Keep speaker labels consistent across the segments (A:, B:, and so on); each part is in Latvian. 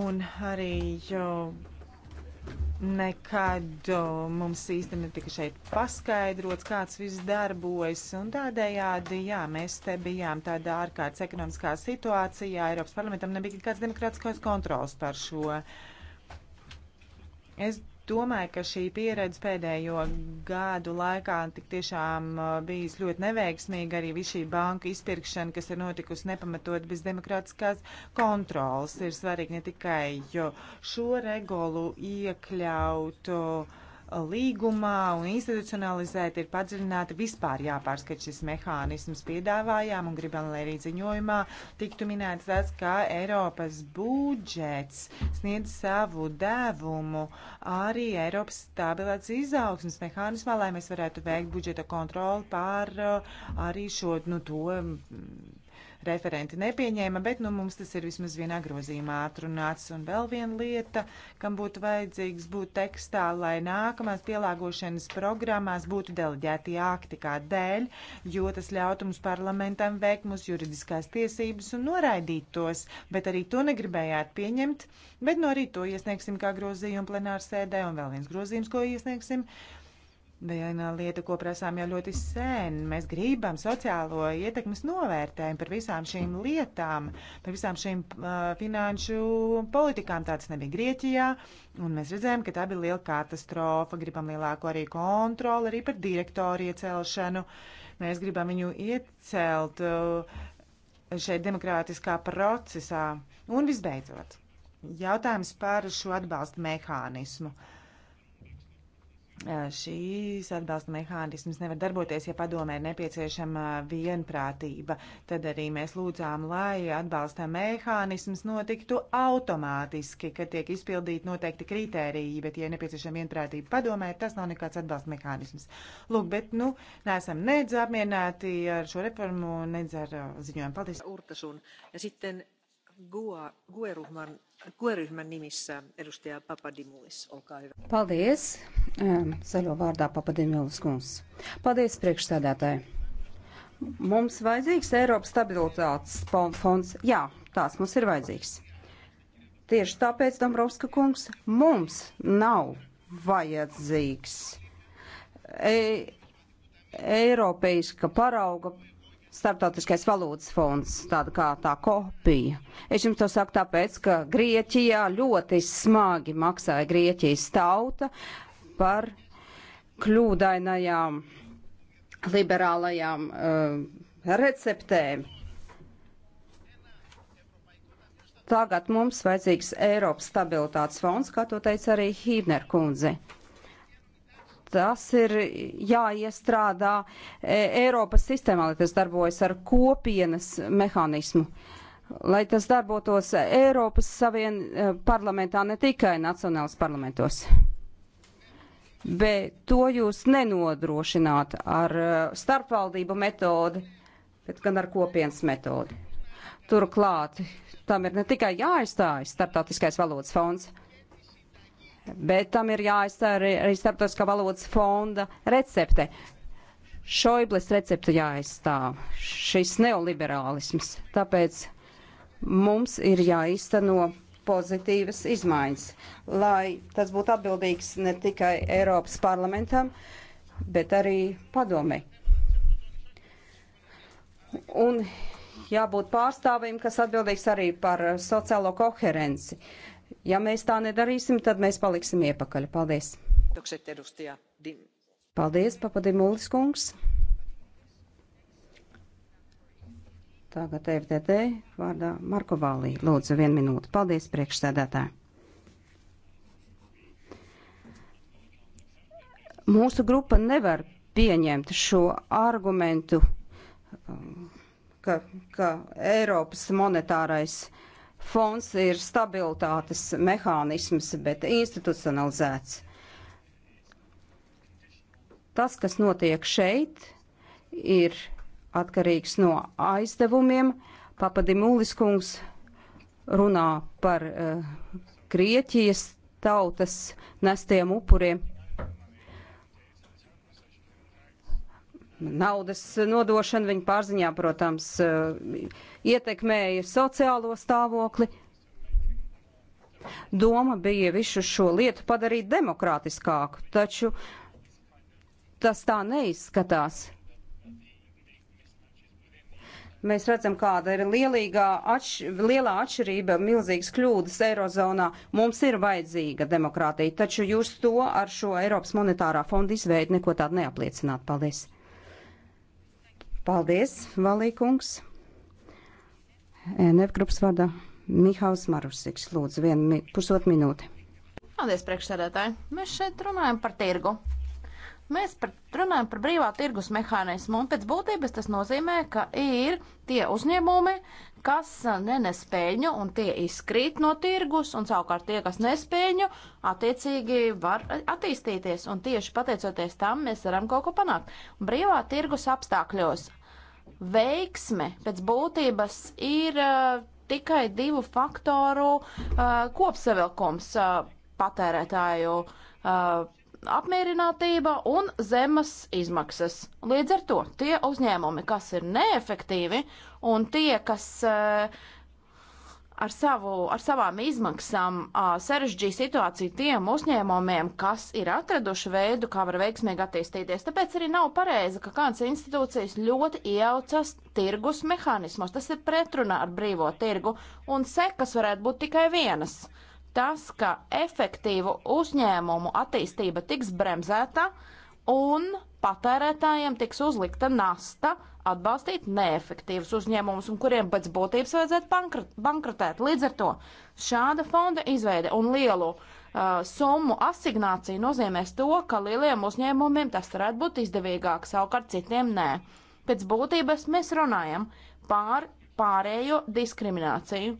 A: Un arī jau nekad mums īsti netika šeit paskaidrots, kāds viss darbojas. Un tādējādi, jā, mēs te bijām tādā ārkārtas ekonomiskā situācijā. Eiropas parlamentam nebija kāds demokrātiskais kontrols par šo. Es Domāju, ka šī pieredze pēdējo gadu laikā tik tiešām uh, bijis ļoti neveiksmīga, arī viss šī banka izpirkšana, kas ir notikusi nepamatot bez demokrātiskās kontrolas, ir svarīgi ne tikai šo regulu iekļaut uh, līgumā un institucionalizēti ir padziļināti vispār jāpārskat šis mehānisms. Piedāvājām un gribam, lai arī ziņojumā tiktu minēts tas, kā Eiropas budžets sniedz savu devumu arī Eiropas stabilitātes izaugsmas mehānismā, lai mēs varētu veikt budžeta kontroli pār uh, arī šo, nu, to referenti nepieņēma, bet nu, mums tas ir vismaz vienā grozījumā atrunāts. Un vēl viena lieta, kam būtu vajadzīgs būt tekstā, lai nākamās pielāgošanas programmās būtu deleģēti akti kā dēļ, jo tas ļautu mums parlamentam veikt mūsu juridiskās tiesības un noraidīt tos, bet arī to negribējāt pieņemt, bet no nu arī to iesniegsim kā grozījumu plenārsēdē un vēl viens grozījums, ko iesniegsim. Uh, Viena lieta, ko prasām jau ļoti sen, mēs gribam sociālo ietekmes novērtējumu par visām šīm lietām, par visām šīm uh, finanšu politikām. Tāds nebija Grieķijā, un mēs redzējām, ka tā bija liela katastrofa. Gribam lielāko arī kontroli, arī par direktoru iecelšanu. Mēs gribam viņu iecelt uh, šeit demokrātiskā procesā. Un visbeidzot, jautājums par šo atbalsta mehānismu. Uh, šīs atbalsta mehānismas nevar darboties, ja padomē ir nepieciešama vienprātība. Tad arī mēs lūdzām, lai atbalsta mehānisms notiktu automātiski, ka tiek izpildīti noteikti kritēriji, bet, ja ir nepieciešama vienprātība padomē, tas nav nekāds atbalsta mehānisms. Lūk, bet, nu, neesam nedz apmierināti ar šo reformu, nedz ar ziņojumu. Paldies! Urtasun. Ja sitten
B: GUE-ryhmän nimissä edustaja Papadimulis, olkaa hyvä.
C: Paldies, zaļo vārdā Papadimulis kungs. Paldies priekšsēdētāji. Mums vajadzīgs Eiropas stabilitātes fonds. Jā, tās mums ir vajadzīgs. Tieši tāpēc, Dombrovska kungs, mums nav vajadzīgs e Eiropeiska parauga Startautiskais valūtas fonds, tāda kā tā kopija. Es jums to saku tāpēc, ka Grieķijā ļoti smagi maksāja Grieķijas tauta par kļūdainajām liberālajām uh, receptēm. Tagad mums vajadzīgs Eiropas stabilitātes fonds, kā to teica arī Hībner kundze tas ir jāiestrādā e, Eiropas sistēmā, lai tas darbojas ar kopienas mehānismu. Lai tas darbotos Eiropas Savien e, parlamentā, ne tikai nacionālas parlamentos. Bet to jūs nenodrošināt ar e, starpvaldību metodi, bet gan ar kopienas metodi. Turklāt tam ir ne tikai jāaizstājas starptautiskais valodas fonds, bet tam ir jāaizstāv arī, arī starptautiskā valodas fonda recepte. Šoibles recepte jāaizstāv, šis neoliberālisms. Tāpēc mums ir jāizteno pozitīvas izmaiņas, lai tas būtu atbildīgs ne tikai Eiropas parlamentam, bet arī padomei. Un jābūt pārstāvim, kas atbildīgs arī par sociālo koherenci. Uh, Ja mēs tā nedarīsim, tad mēs paliksim iepakaļ. Paldies! Paldies, papadimulis kungs! Tagad FTT vārdā Marko Vālī. Lūdzu, vienu minūti. Paldies, priekšsēdētāji! Mūsu grupa nevar pieņemt šo argumentu, um, ka, ka Eiropas monetārais uh, fonds ir stabilitātes mehānisms, bet institucionalizēts. Tas, kas notiek šeit, ir atkarīgs no aizdevumiem. Papadimūlis kungs runā par uh, Grieķijas tautas nestiem upuriem. naudas nodošana viņa pārziņā, protams, eh, ietekmēja sociālo stāvokli. Doma bija visu šo lietu padarīt demokrātiskāku, taču tas tā neizskatās. Mēs redzam, kāda ir atš lielā atšķirība, milzīgas kļūdas Eirozonā. Mums ir vajadzīga demokrātija, taču jūs to ar šo Eiropas monetārā fonda izveidu neko tādu neapliecināt. Paldies! Paldies, Valīkungs. NF grupas vada Mihāls Marusiks. Lūdzu, vienu pusotru minūti.
D: Paldies, priekšsēdētāji. Mēs šeit runājam par tirgu. Mēs par, runājam par brīvā tirgus mehānismu, un pēc būtības tas nozīmē, ka ir tie uzņēmumi, kas uh, nenes peļņu, un tie izkrīt no tirgus, un savukārt tie, kas nespēļņu, attiecīgi var uh, attīstīties, un tieši pateicoties tam mēs varam kaut ko panākt. Brīvā tirgus apstākļos veiksme pēc būtības ir uh, tikai divu faktoru uh, kopsavilkums uh, patērētāju. Uh, apmierinātība un zemas izmaksas. Līdz ar to tie uzņēmumi, kas ir neefektīvi un tie, kas uh, ar, savu, ar savām izmaksām uh, sarežģīja situāciju tiem uzņēmumiem, kas ir atraduši veidu, kā var veiksmīgi attīstīties. Tāpēc arī nav pareizi, ka kāds institūcijas ļoti iejaucas tirgus mehānismos. Tas ir pretrunā ar brīvo tirgu un sekas varētu būt tikai vienas. Uh, tas, ka efektīvu uzņēmumu attīstība tiks bremzēta un patērētājiem tiks uzlikta nasta atbalstīt neefektīvus uzņēmumus, un kuriem pēc būtības vajadzētu bankrotēt. Līdz ar to šāda fonda izveide un lielu uh, summu asignācija nozīmēs to, ka lieliem uzņēmumiem tas varētu būt izdevīgāk, savukārt citiem nē. Pēc būtības mēs runājam pār pārējo diskrimināciju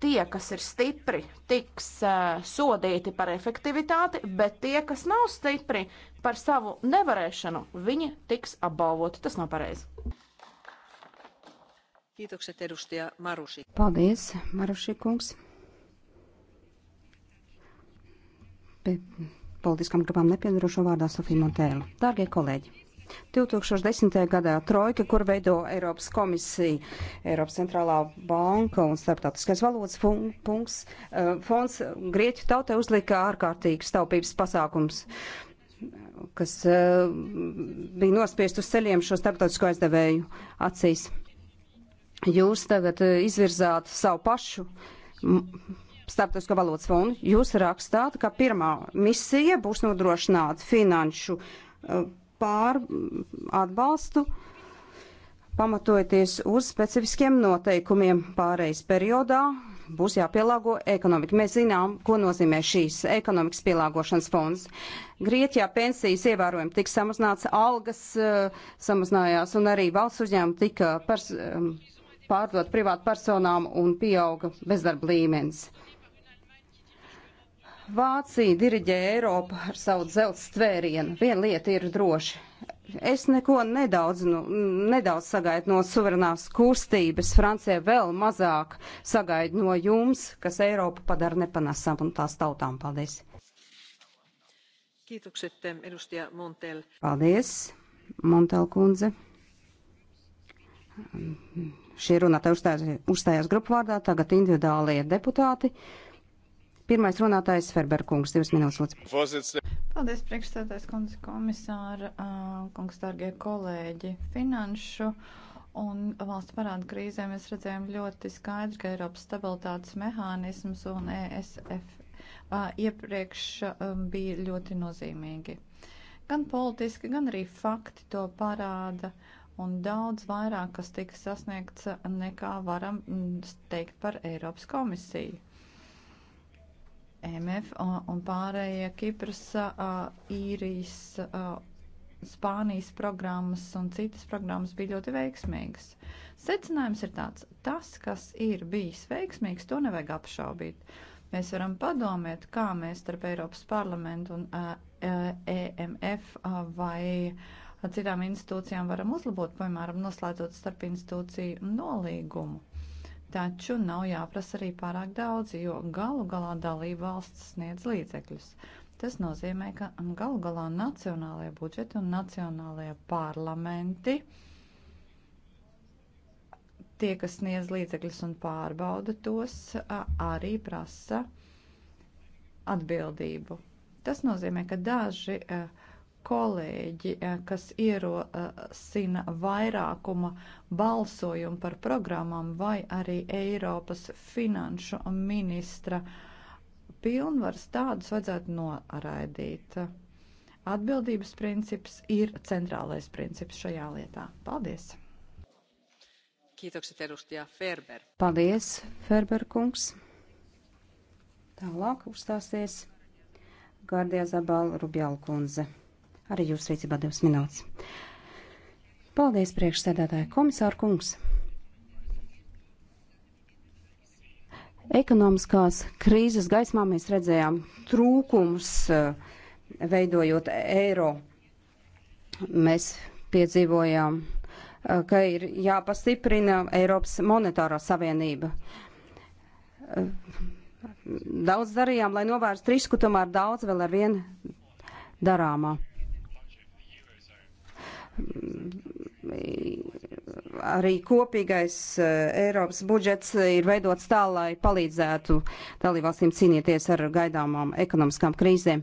D: tie, kas ir stipri, tiks uh, sodīti par efektivitāti, bet tie, kas nav stipri par savu nevarēšanu, viņi tiks apbalvoti. Tas nav pareizi.
B: Kiitokset edustaja Maruši.
C: Paldies, Maruši kungs. Pie politiskām grupām nepiedarošo vārdā Sofija Montēla. Dārgie kolēģi! 2010. gadā Trojka, kur veido Eiropas komisija, Eiropas centrālā banka un starptautiskais valodas punkts, eh, fonds Grieķu tautai uzlika ārkārtīgas taupības pasākums kas uh, bija nospiest uz ceļiem šo starptautisko aizdevēju acīs. Jūs tagad uh, izvirzāt savu pašu starptautisko valodas fondu. Jūs rakstāt, ka pirmā misija būs nodrošināt finanšu uh, pār atbalstu, pamatojoties uz specifiskiem noteikumiem pārejas periodā, būs jāpielāgo ekonomika. Mēs zinām, ko nozīmē šīs ekonomikas pielāgošanas fonds. Grieķijā pensijas ievērojami tika samazināts, algas uh, samazinājās un arī valsts uzņēmumi tika pers, um, pārdot privātu personām un pieauga bezdarba līmenis. Vācija diriģē Eiropu ar savu dzelzs tvērienu. Viena lieta ir droši. Es neko nedaudz, nu, nedaudz sagaidu no suverenās kustības. Francija vēl mazāk sagaidu no jums, kas Eiropu padara nepanesam un tās tautām. Paldies!
B: Kiitokset, eh, edustaja Montel.
C: Paldies, Montel kundze. Šī runa te uzstājās, uzstājās grupu vārdā, tagad individuālie deputāti. Pirmais runātājs Ferberkungs, divas minūtes
A: lūdzu.
E: Paldies, priekšstādājs kundze komisāra, kungs, dārgie kolēģi, finanšu. Un valsts parāda krīzē mēs redzējām ļoti skaidri, ka Eiropas stabilitātes mehānisms un ESF iepriekš bija ļoti nozīmīgi. Gan politiski, gan arī fakti to parāda un daudz vairāk, kas tika sasniegts, nekā varam teikt par Eiropas komisiju. MF un pārējie Kipras, īrijas, Spānijas programmas un citas programmas bija ļoti veiksmīgas. Secinājums ir tāds, tas, kas ir bijis veiksmīgs, to nevajag apšaubīt. Mēs varam padomēt, kā mēs starp Eiropas parlamentu un EMF e vai citām institūcijām varam uzlabot, piemēram, noslēdzot starp institūciju nolīgumu Taču nav jāprasa arī pārāk daudz, jo galu galā dalība valsts sniedz līdzekļus. Tas nozīmē, ka galu galā nacionālajie budžeti un nacionālajie parlamenti tie, kas sniedz līdzekļus un pārbauda tos, arī prasa atbildību. Tas nozīmē, ka daži uh, kolēģi, eh, kas ierosina vairākuma balsojumu par programmām vai arī Eiropas finanšu ministra pilnvaras, tādus vajadzētu noraidīt. Atbildības princips ir centrālais princips šajā lietā. Paldies!
B: Kiitokset edustaja Ferber.
E: Paldies, Ferber kungs.
C: Tālāk uzstāsies Gardija Zabala Rubjāla kundze. Arī jūs rīcībā divas minūtes. Paldies, priekšsēdētāja komisāra kungs. Ekonomiskās krīzes gaismā mēs redzējām trūkumus, eh, veidojot eiro. Mēs piedzīvojām, eh, ka ir jāpastiprina Eiropas monetārā savienība. Eh, daudz darījām, lai novērstu risku, tomēr daudz vēl ar vienu darāmā arī kopīgais eh, Eiropas budžets ir veidots tā, lai palīdzētu dalībvalstīm cīnīties ar gaidāmām ekonomiskām krīzēm.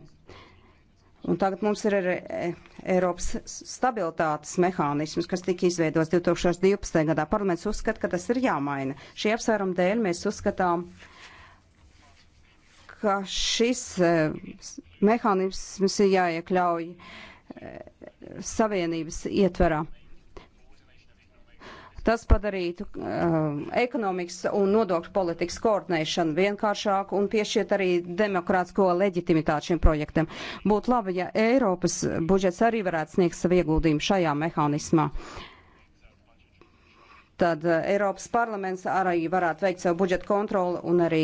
C: Un tagad mums ir arī eh, Eiropas stabilitātes mehānisms, kas tika izveidots 2012. gadā. Parlaments uzskata, ka tas ir jāmaina. Šī apsvēruma dēļ mēs uzskatām, ka šis eh, mehānisms ir jāiekļauj uh, Savienības ietverā. Tas padarītu uh, ekonomikas un nodokļu politikas koordinēšanu vienkāršāku un piešķiet arī demokrātisko leģitimitāti šim projektam. Būtu labi, ja Eiropas budžets arī varētu sniegt savu ieguldījumu šajā mehānismā. Tad uh, Eiropas parlaments arī varētu veikt savu budžetu kontroli un arī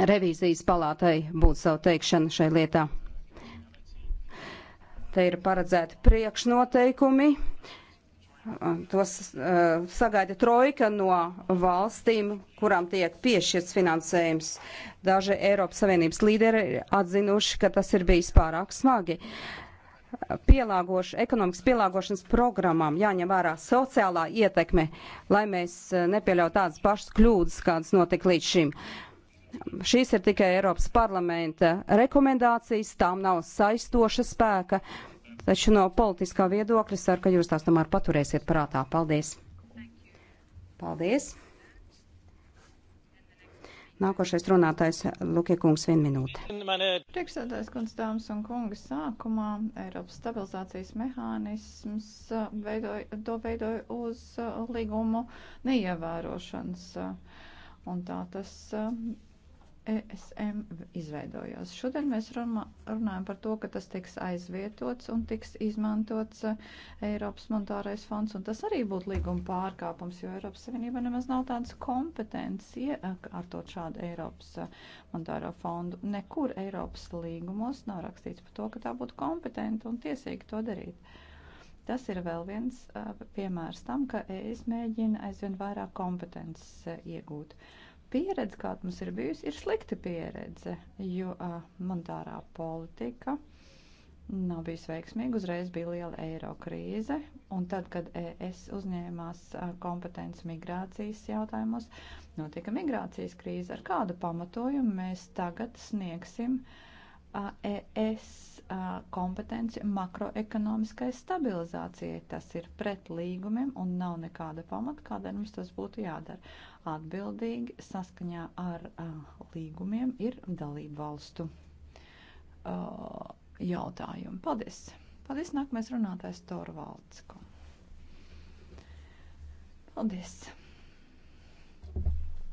C: revīzijas palātai būtu savu teikšanu šai lietā. Te ir paredzēti priekšnoteikumi. Tos uh, sagaida trojka no valstīm, kurām tiek piešķirts finansējums. Daži Eiropas Savienības līderi ir atzinuši, ka tas ir bijis pārāk smagi. Uh, pielāgoš, ekonomikas pielāgošanas programmām jāņem vērā sociālā ietekme, lai mēs eh, nepieļautu tādas pašas kļūdas, kādas notika līdz šim. Uh, Šīs ir tikai Eiropas parlamenta rekomendācijas, tām nav saistoša spēka, taču no politiskā viedokļa ceru, ka jūs tās tomēr paturēsiet prātā. Paldies! Paldies! Nākošais runātājs Lukie kungs vien minūte.
E: Priekšsēdājs kundz dāmas un kungi sākumā Eiropas stabilizācijas mehānisms uh, veidoj, to veidoja uz uh, līgumu neievērošanas. Uh, un tā tas ESM izveidojās. Šodien mēs runājam par to, ka tas tiks aizvietots un tiks izmantots e, Eiropas monetārais fonds, un tas arī būtu līguma pārkāpums, jo Eiropas Savienība nemaz nav tādas kompetences iekārtot šādu Eiropas e, monetāro fondu. Nekur Eiropas līgumos nav rakstīts par to, ka tā būtu kompetenta un tiesīga to darīt. Tas ir vēl viens e, piemērs tam, ka es mēģinu aizvien vairāk kompetences iegūt. Uh, pieredze, kāda mums ir bijusi, ir slikta pieredze, jo uh, monetārā politika nav bijusi veiksmīga. Uzreiz bija liela eiro krīze, un tad, kad es uzņēmās kompetenci migrācijas jautājumos, notika migrācijas krīze. Ar kādu pamatojumu mēs tagad sniegsim uh, ES kompetenci makroekonomiskai stabilizācijai. Tas ir pret līgumiem un nav nekāda pamata, kādēļ mums tas būtu jādara. Atbildīgi saskaņā ar līgumiem ir dalību valstu jautājumi. Paldies! Paldies! Nākamais runātājs Torvalds. Paldies!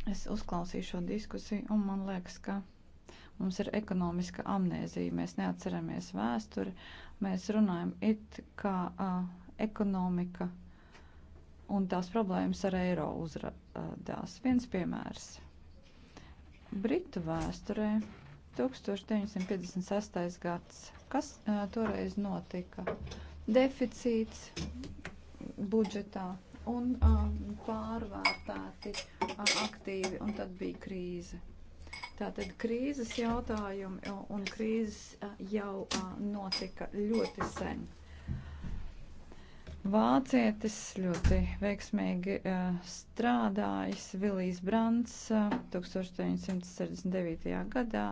E: Es uzklausīju šo diskusiju un man liekas, ka Mums ir ekonomiska amnēzija, mēs neatceramies vēsturi, mēs runājam it kā uh, ekonomika un tās problēmas ar eiro uzradās. Viens piemērs. Britu vēsturē 1956. gads. Kas uh, toreiz notika? Deficīts budžetā un uh, pārvērtēti uh, aktīvi, un tad bija krīze. Tātad krīzes jautājumi un krīzes jau notika ļoti sen. Vācietis ļoti veiksmīgi uh, strādājis Vilijs Brants uh, 1969. gadā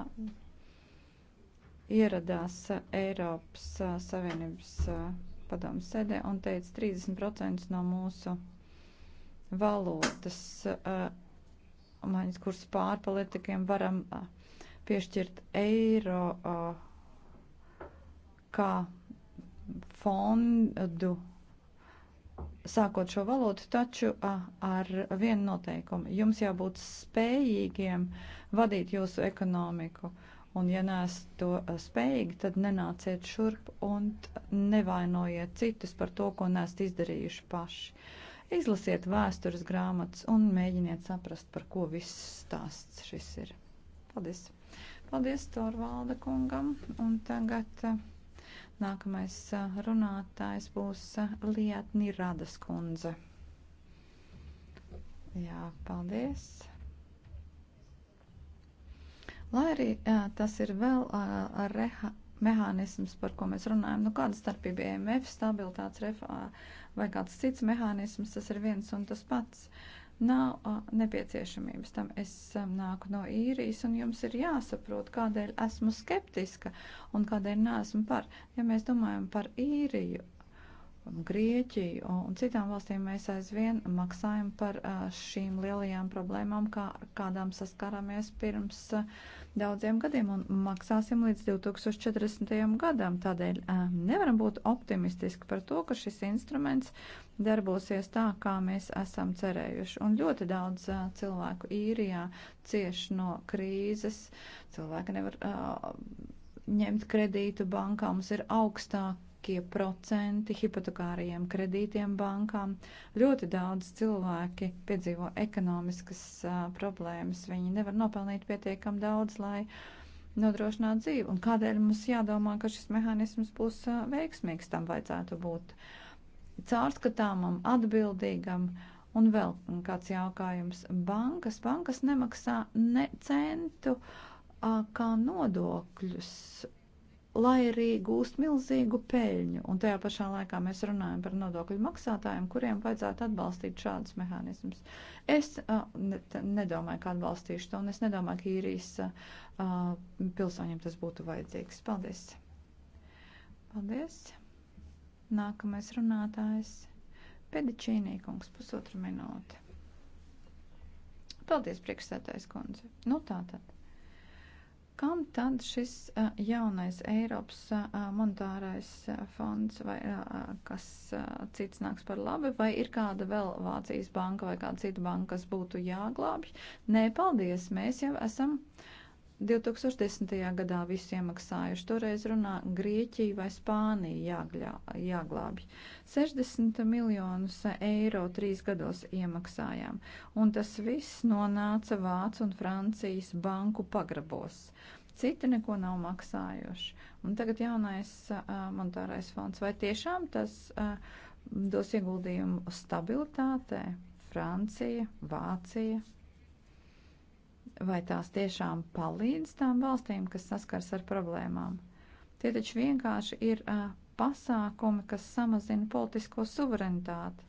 E: ieradās uh, Eiropas uh, Savienības uh, padomu sēdē un teica 30% no mūsu valodas uh, maiņas kursu pārpolitikiem varam piešķirt eiro kā fondu sākot šo valodu, taču ar vienu noteikumu. Jums jābūt spējīgiem vadīt jūsu ekonomiku. Un, ja neesat to spējīgi, tad nenāciet šurp un nevainojiet citus par to, ko neesat izdarījuši paši. Uh, Izlasiet vēstures grāmatas un mēģiniet saprast, par ko viss stāsts šis ir. Paldies! Paldies Torvalda kungam! Un tagad uh, nākamais uh, runātājs būs uh, Lietni Radas kundze. Jā, paldies! Lai arī jā, tas ir vēl uh, reha mehānisms, par ko mēs runājam, nu kāda starpība EMF, stabilitātes refā vai kāds cits mehānisms, tas ir viens un tas pats. Nav a, nepieciešamības tam. Es a, nāku no īrijas, un jums ir jāsaprot, kādēļ esmu skeptiska un kādēļ neesmu par. Ja mēs domājam par īriju, Grieķiju un citām valstīm mēs aizvien maksājam par šīm lielajām problēmām, kā, kādām saskārāmies pirms daudziem gadiem un maksāsim līdz 2040. gadam. Tādēļ nevaram būt optimistiski par to, ka šis instruments darbosies tā, kā mēs esam cerējuši. Un ļoti daudz cilvēku īrijā cieš no krīzes, cilvēki nevar ņemt kredītu bankā, mums ir augstāk augstākie procenti hipotekārajiem kredītiem bankām. Ļoti daudz cilvēki piedzīvo ekonomiskas uh, problēmas. Viņi nevar nopelnīt pietiekam daudz, lai nodrošinātu dzīvi. Un kādēļ mums jādomā, ka šis mehānisms būs uh, veiksmīgs, tam vajadzētu būt caurskatāmam, atbildīgam. Un vēl kāds jautājums. Bankas, bankas nemaksā ne centu uh, kā nodokļus lai arī gūst milzīgu peļņu. Un tajā pašā laikā mēs runājam par nodokļu maksātājiem, kuriem vajadzētu atbalstīt šādus mehānismus. Es uh, ne, nedomāju, ka atbalstīšu to, un es nedomāju, ka īrijas uh, pilsoņiem tas būtu vajadzīgs. Paldies! Paldies! Nākamais runātājs - Pedičīnī kungs, pusotra minūte. Paldies, priekšsētājs kundze. Nu tā tad. Kam tad šis jaunais Eiropas monetārais fonds vai kas cits nāks par labi, vai ir kāda vēl Vācijas banka vai kāda cita banka, kas būtu jāglābj? Nē, paldies, mēs jau esam. Uh, 2010. gadā visi iemaksājuši. Toreiz runā Grieķija vai Spānija jāgļā, jāglābj. 60 miljonus eiro trīs gados iemaksājām, un tas viss nonāca Vācu un Francijas banku pagrabos. Citi neko nav maksājuši. Un tagad jaunais uh, monetārais fonds. Vai tiešām tas uh, dos ieguldījumu stabilitātē? Francija, Vācija, vai tās tiešām palīdz tām valstīm, kas saskars ar problēmām. Tie taču vienkārši ir uh, pasākumi, kas samazina politisko suverenitāti.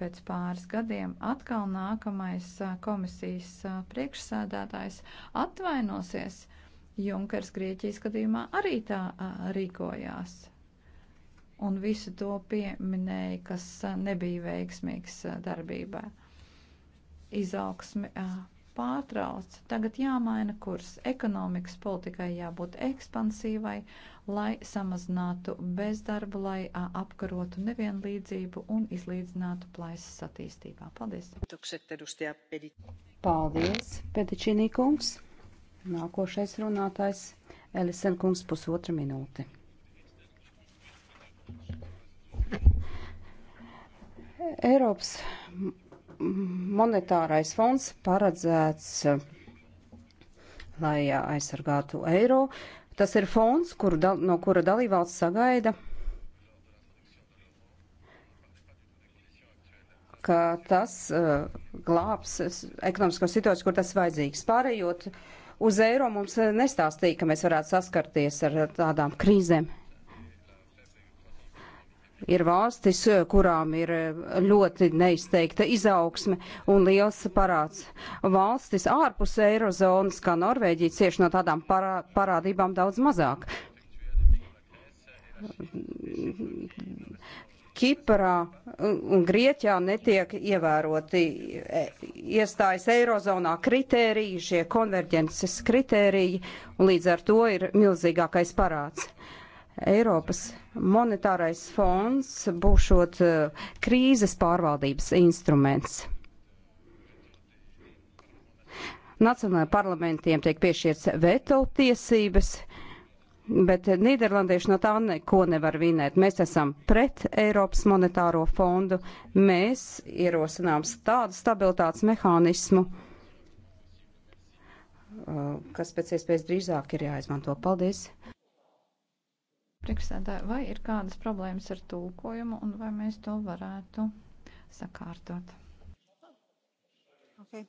E: Pēc pāris gadiem atkal nākamais uh, komisijas uh, priekšsēdētājs atvainosies. Junkers Grieķijas gadījumā arī tā uh, rīkojās. Un visu to pieminēja, kas uh, nebija veiksmīgs uh, darbībā. Izaugsme uh, pārtrauc. Tagad jāmaina kurs. Ekonomikas politikai jābūt ekspansīvai, lai samazinātu bezdarbu, lai apkarotu nevienlīdzību un izlīdzinātu plaisas attīstībā. Paldies!
B: Paldies,
E: Pedičīnī
C: kungs! Nākošais runātājs Elisen kungs pusotra minūte. Eiropas monetārais fonds paredzēts, eh, lai aizsargātu eiro. Tas ir fonds, kuru, no kura dalībvalsts sagaida, ka tas uh, glābs ekonomisko situāciju, kur tas vajadzīgs. Pārējot uz eiro mums nestāstīja, ka mēs varētu saskarties ar tādām krīzēm ir valstis, kurām ir ļoti neizteikta izaugsme un liels parāds. Valstis ārpus eirozonas, kā Norvēģija, cieši no tādām parā, parādībām daudz mazāk. Kiprā un Grieķijā netiek ievēroti e, iestājas eirozonā kritēriji, šie konverģences kritēriji, un līdz ar to ir milzīgākais parāds. Eiropas monetārais fonds būšot uh, krīzes pārvaldības instruments. Nacionālajiem parlamentiem tiek piešķirts veto tiesības, bet Nīderlandieši no tā neko nevar vinēt. Mēs esam pret Eiropas monetāro fondu, mēs ierosinām tādu stabilitātes mehānismu, uh, kas pēc iespējas drīzāk ir jāizmanto. Paldies!
E: Priekšsēdētāji, vai ir kādas problēmas ar tulkojumu un vai mēs to varētu sakārtot?
B: Okay.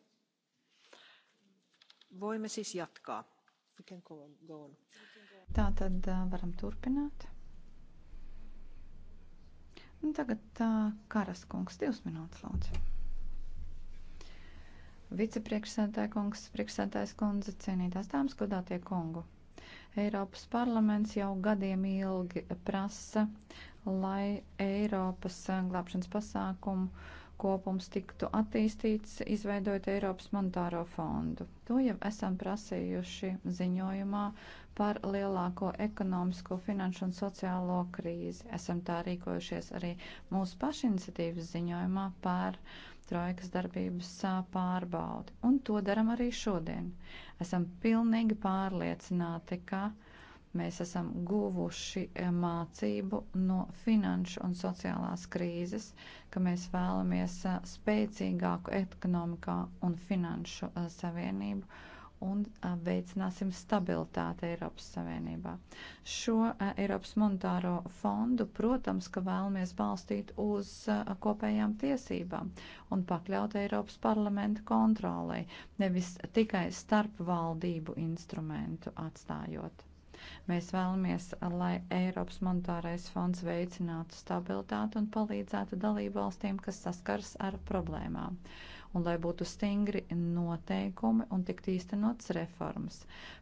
B: Voimme siis jatkaa. We can go on. Go on.
E: Tā tad varam turpināt. Un tagad Karas kungs, divas minūtes lūdzu. Vicepriekšsēdētāja kungs, priekšsēdētājs kundze, cienītās dāmas, godātie kungu. Eiropas parlaments jau gadiem ilgi prasa, lai Eiropas glābšanas pasākumu kopums tiktu attīstīts, izveidojot Eiropas monetāro fondu. To jau esam prasījuši ziņojumā par lielāko ekonomisko, finanšu un sociālo krīzi. Esam tā rīkojušies arī mūsu pašiniciatīvas ziņojumā par uh, trojkas darbības pārbaudi. Un to daram arī šodien. Esam pilnīgi pārliecināti, ka mēs esam guvuši mācību no finanšu un sociālās krīzes, ka mēs vēlamies spēcīgāku ekonomikā un finanšu savienību un veicināsim stabilitāti Eiropas Savienībā. Šo Eiropas monetāro fondu, protams, ka vēlamies balstīt uz kopējām tiesībām un pakļaut Eiropas parlamenta kontrolai, nevis tikai starp valdību instrumentu atstājot. Mēs vēlamies, lai Eiropas monetārais fonds veicinātu stabilitāti un palīdzētu dalību valstīm, kas saskars ar problēmām. Uh, un lai būtu stingri noteikumi un tikt īstenots reformas.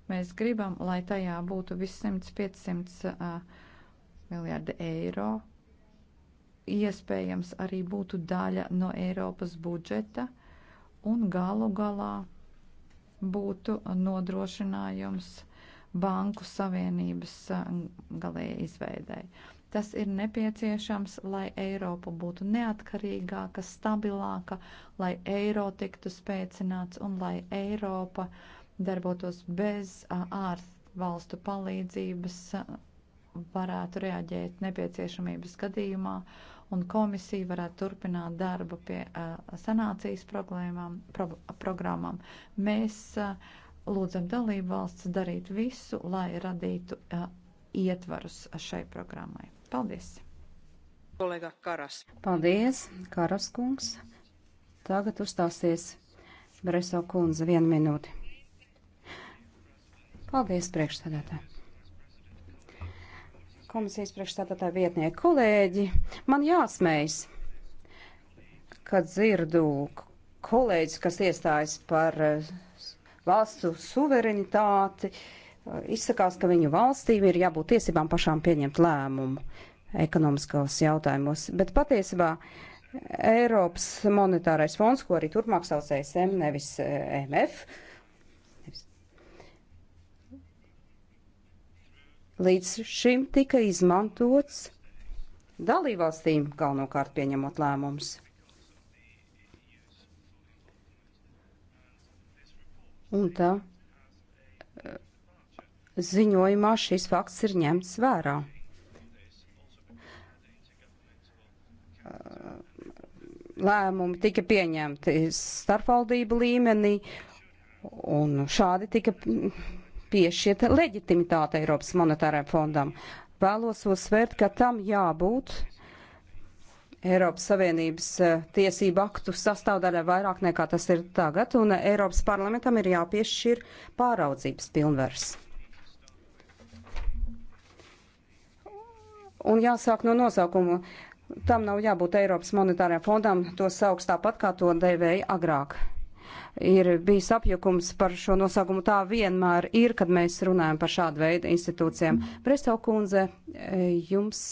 E: Mēs gribam, lai tajā būtu viss 100-500 uh, miljārdi eiro. Iespējams, arī būtu daļa no Eiropas budžeta un galu galā būtu nodrošinājums banku savienības galēji izveidēji. Tas ir nepieciešams, lai Eiropa būtu neatkarīgāka, stabilāka, lai eiro tiktu spēcināts un lai Eiropa darbotos bez ārvalstu palīdzības, varētu reaģēt nepieciešamības gadījumā un komisija varētu turpināt darbu pie sanācijas problēmām, pro, programmām. Mēs lūdzam dalību valsts darīt visu, lai radītu ietvarus šai programmai. Paldies!
B: Kolēga Karas.
E: Paldies, Karas
C: kungs. Tagad uzstāsies Breso kundze vienu minūti. Paldies, priekšstādātāji! komisijas priekšstādātā vietnieki, kolēģi, man jāsmējas, kad dzirdu kolēģis, kas iestājas par valstu suverenitāti, uh, izsakās, ka viņu valstīm ir jābūt tiesībām pašām pieņemt lēmumu ekonomiskos jautājumos. Bet patiesībā Eiropas monetārais fonds, ko arī turpmāk sauc ESM, nevis eh, MF, līdz šim tika izmantots dalībvalstīm galvenokārt pieņemot lēmumus. Un tā ziņojumā šis fakts ir ņemts vērā. Lēmumi tika pieņemti starpvaldību līmenī, un šādi tika piešķirta leģitimitāte Eiropas monetārajam fondam. Vēlos uzsvērt, ka tam jābūt Eiropas Savienības eh, tiesību aktu sastāvdaļā vairāk nekā tas ir tagad, un Eiropas parlamentam ir jāpiešķir pāraudzības pilnvers. un jāsāk no nosaukuma. Tam nav jābūt Eiropas monetārajam fondam, to sauc tāpat kā to devēja agrāk. Ir bijis apjukums par šo nosaukumu. Tā vienmēr ir, kad mēs runājam par šādu veidu institūcijām. Bresau kundze, jums,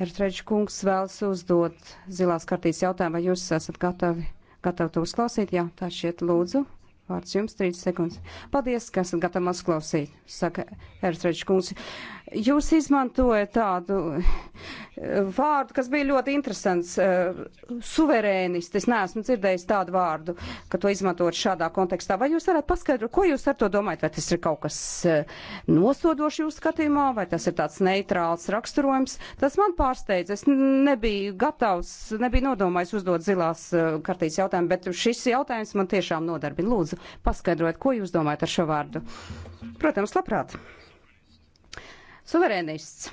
C: Ertreģis kungs, vēlas uzdot zilās kartīs jautājumu, vai jūs esat gatavi, gatavi to uzklausīt? Jā, tā šķiet, lūdzu. Vārds jums 30 sekundes. Paldies, ka esat gatavi maz klausīt, saka Ernstrēčs kungs. Jūs izmantojat tādu eh, vārdu, kas bija ļoti interesants. Eh, Suverēnisti. Es neesmu dzirdējis tādu vārdu, ka to izmantot šādā kontekstā. Vai jūs varētu paskaidrot, ko jūs ar to domājat? Vai tas ir kaut kas eh, nosodošs jūsu skatījumā, vai tas ir tāds neitrāls raksturojums? Tas man pārsteidz. Es nebiju gatavs, nebiju nodomājis uzdot zilās kartītes jautājumu, bet šis jautājums man tiešām nodarbina. Lūdzu paskaidrot, ko jūs domājat ar šo vārdu. Protams, labprāt. Suverēnists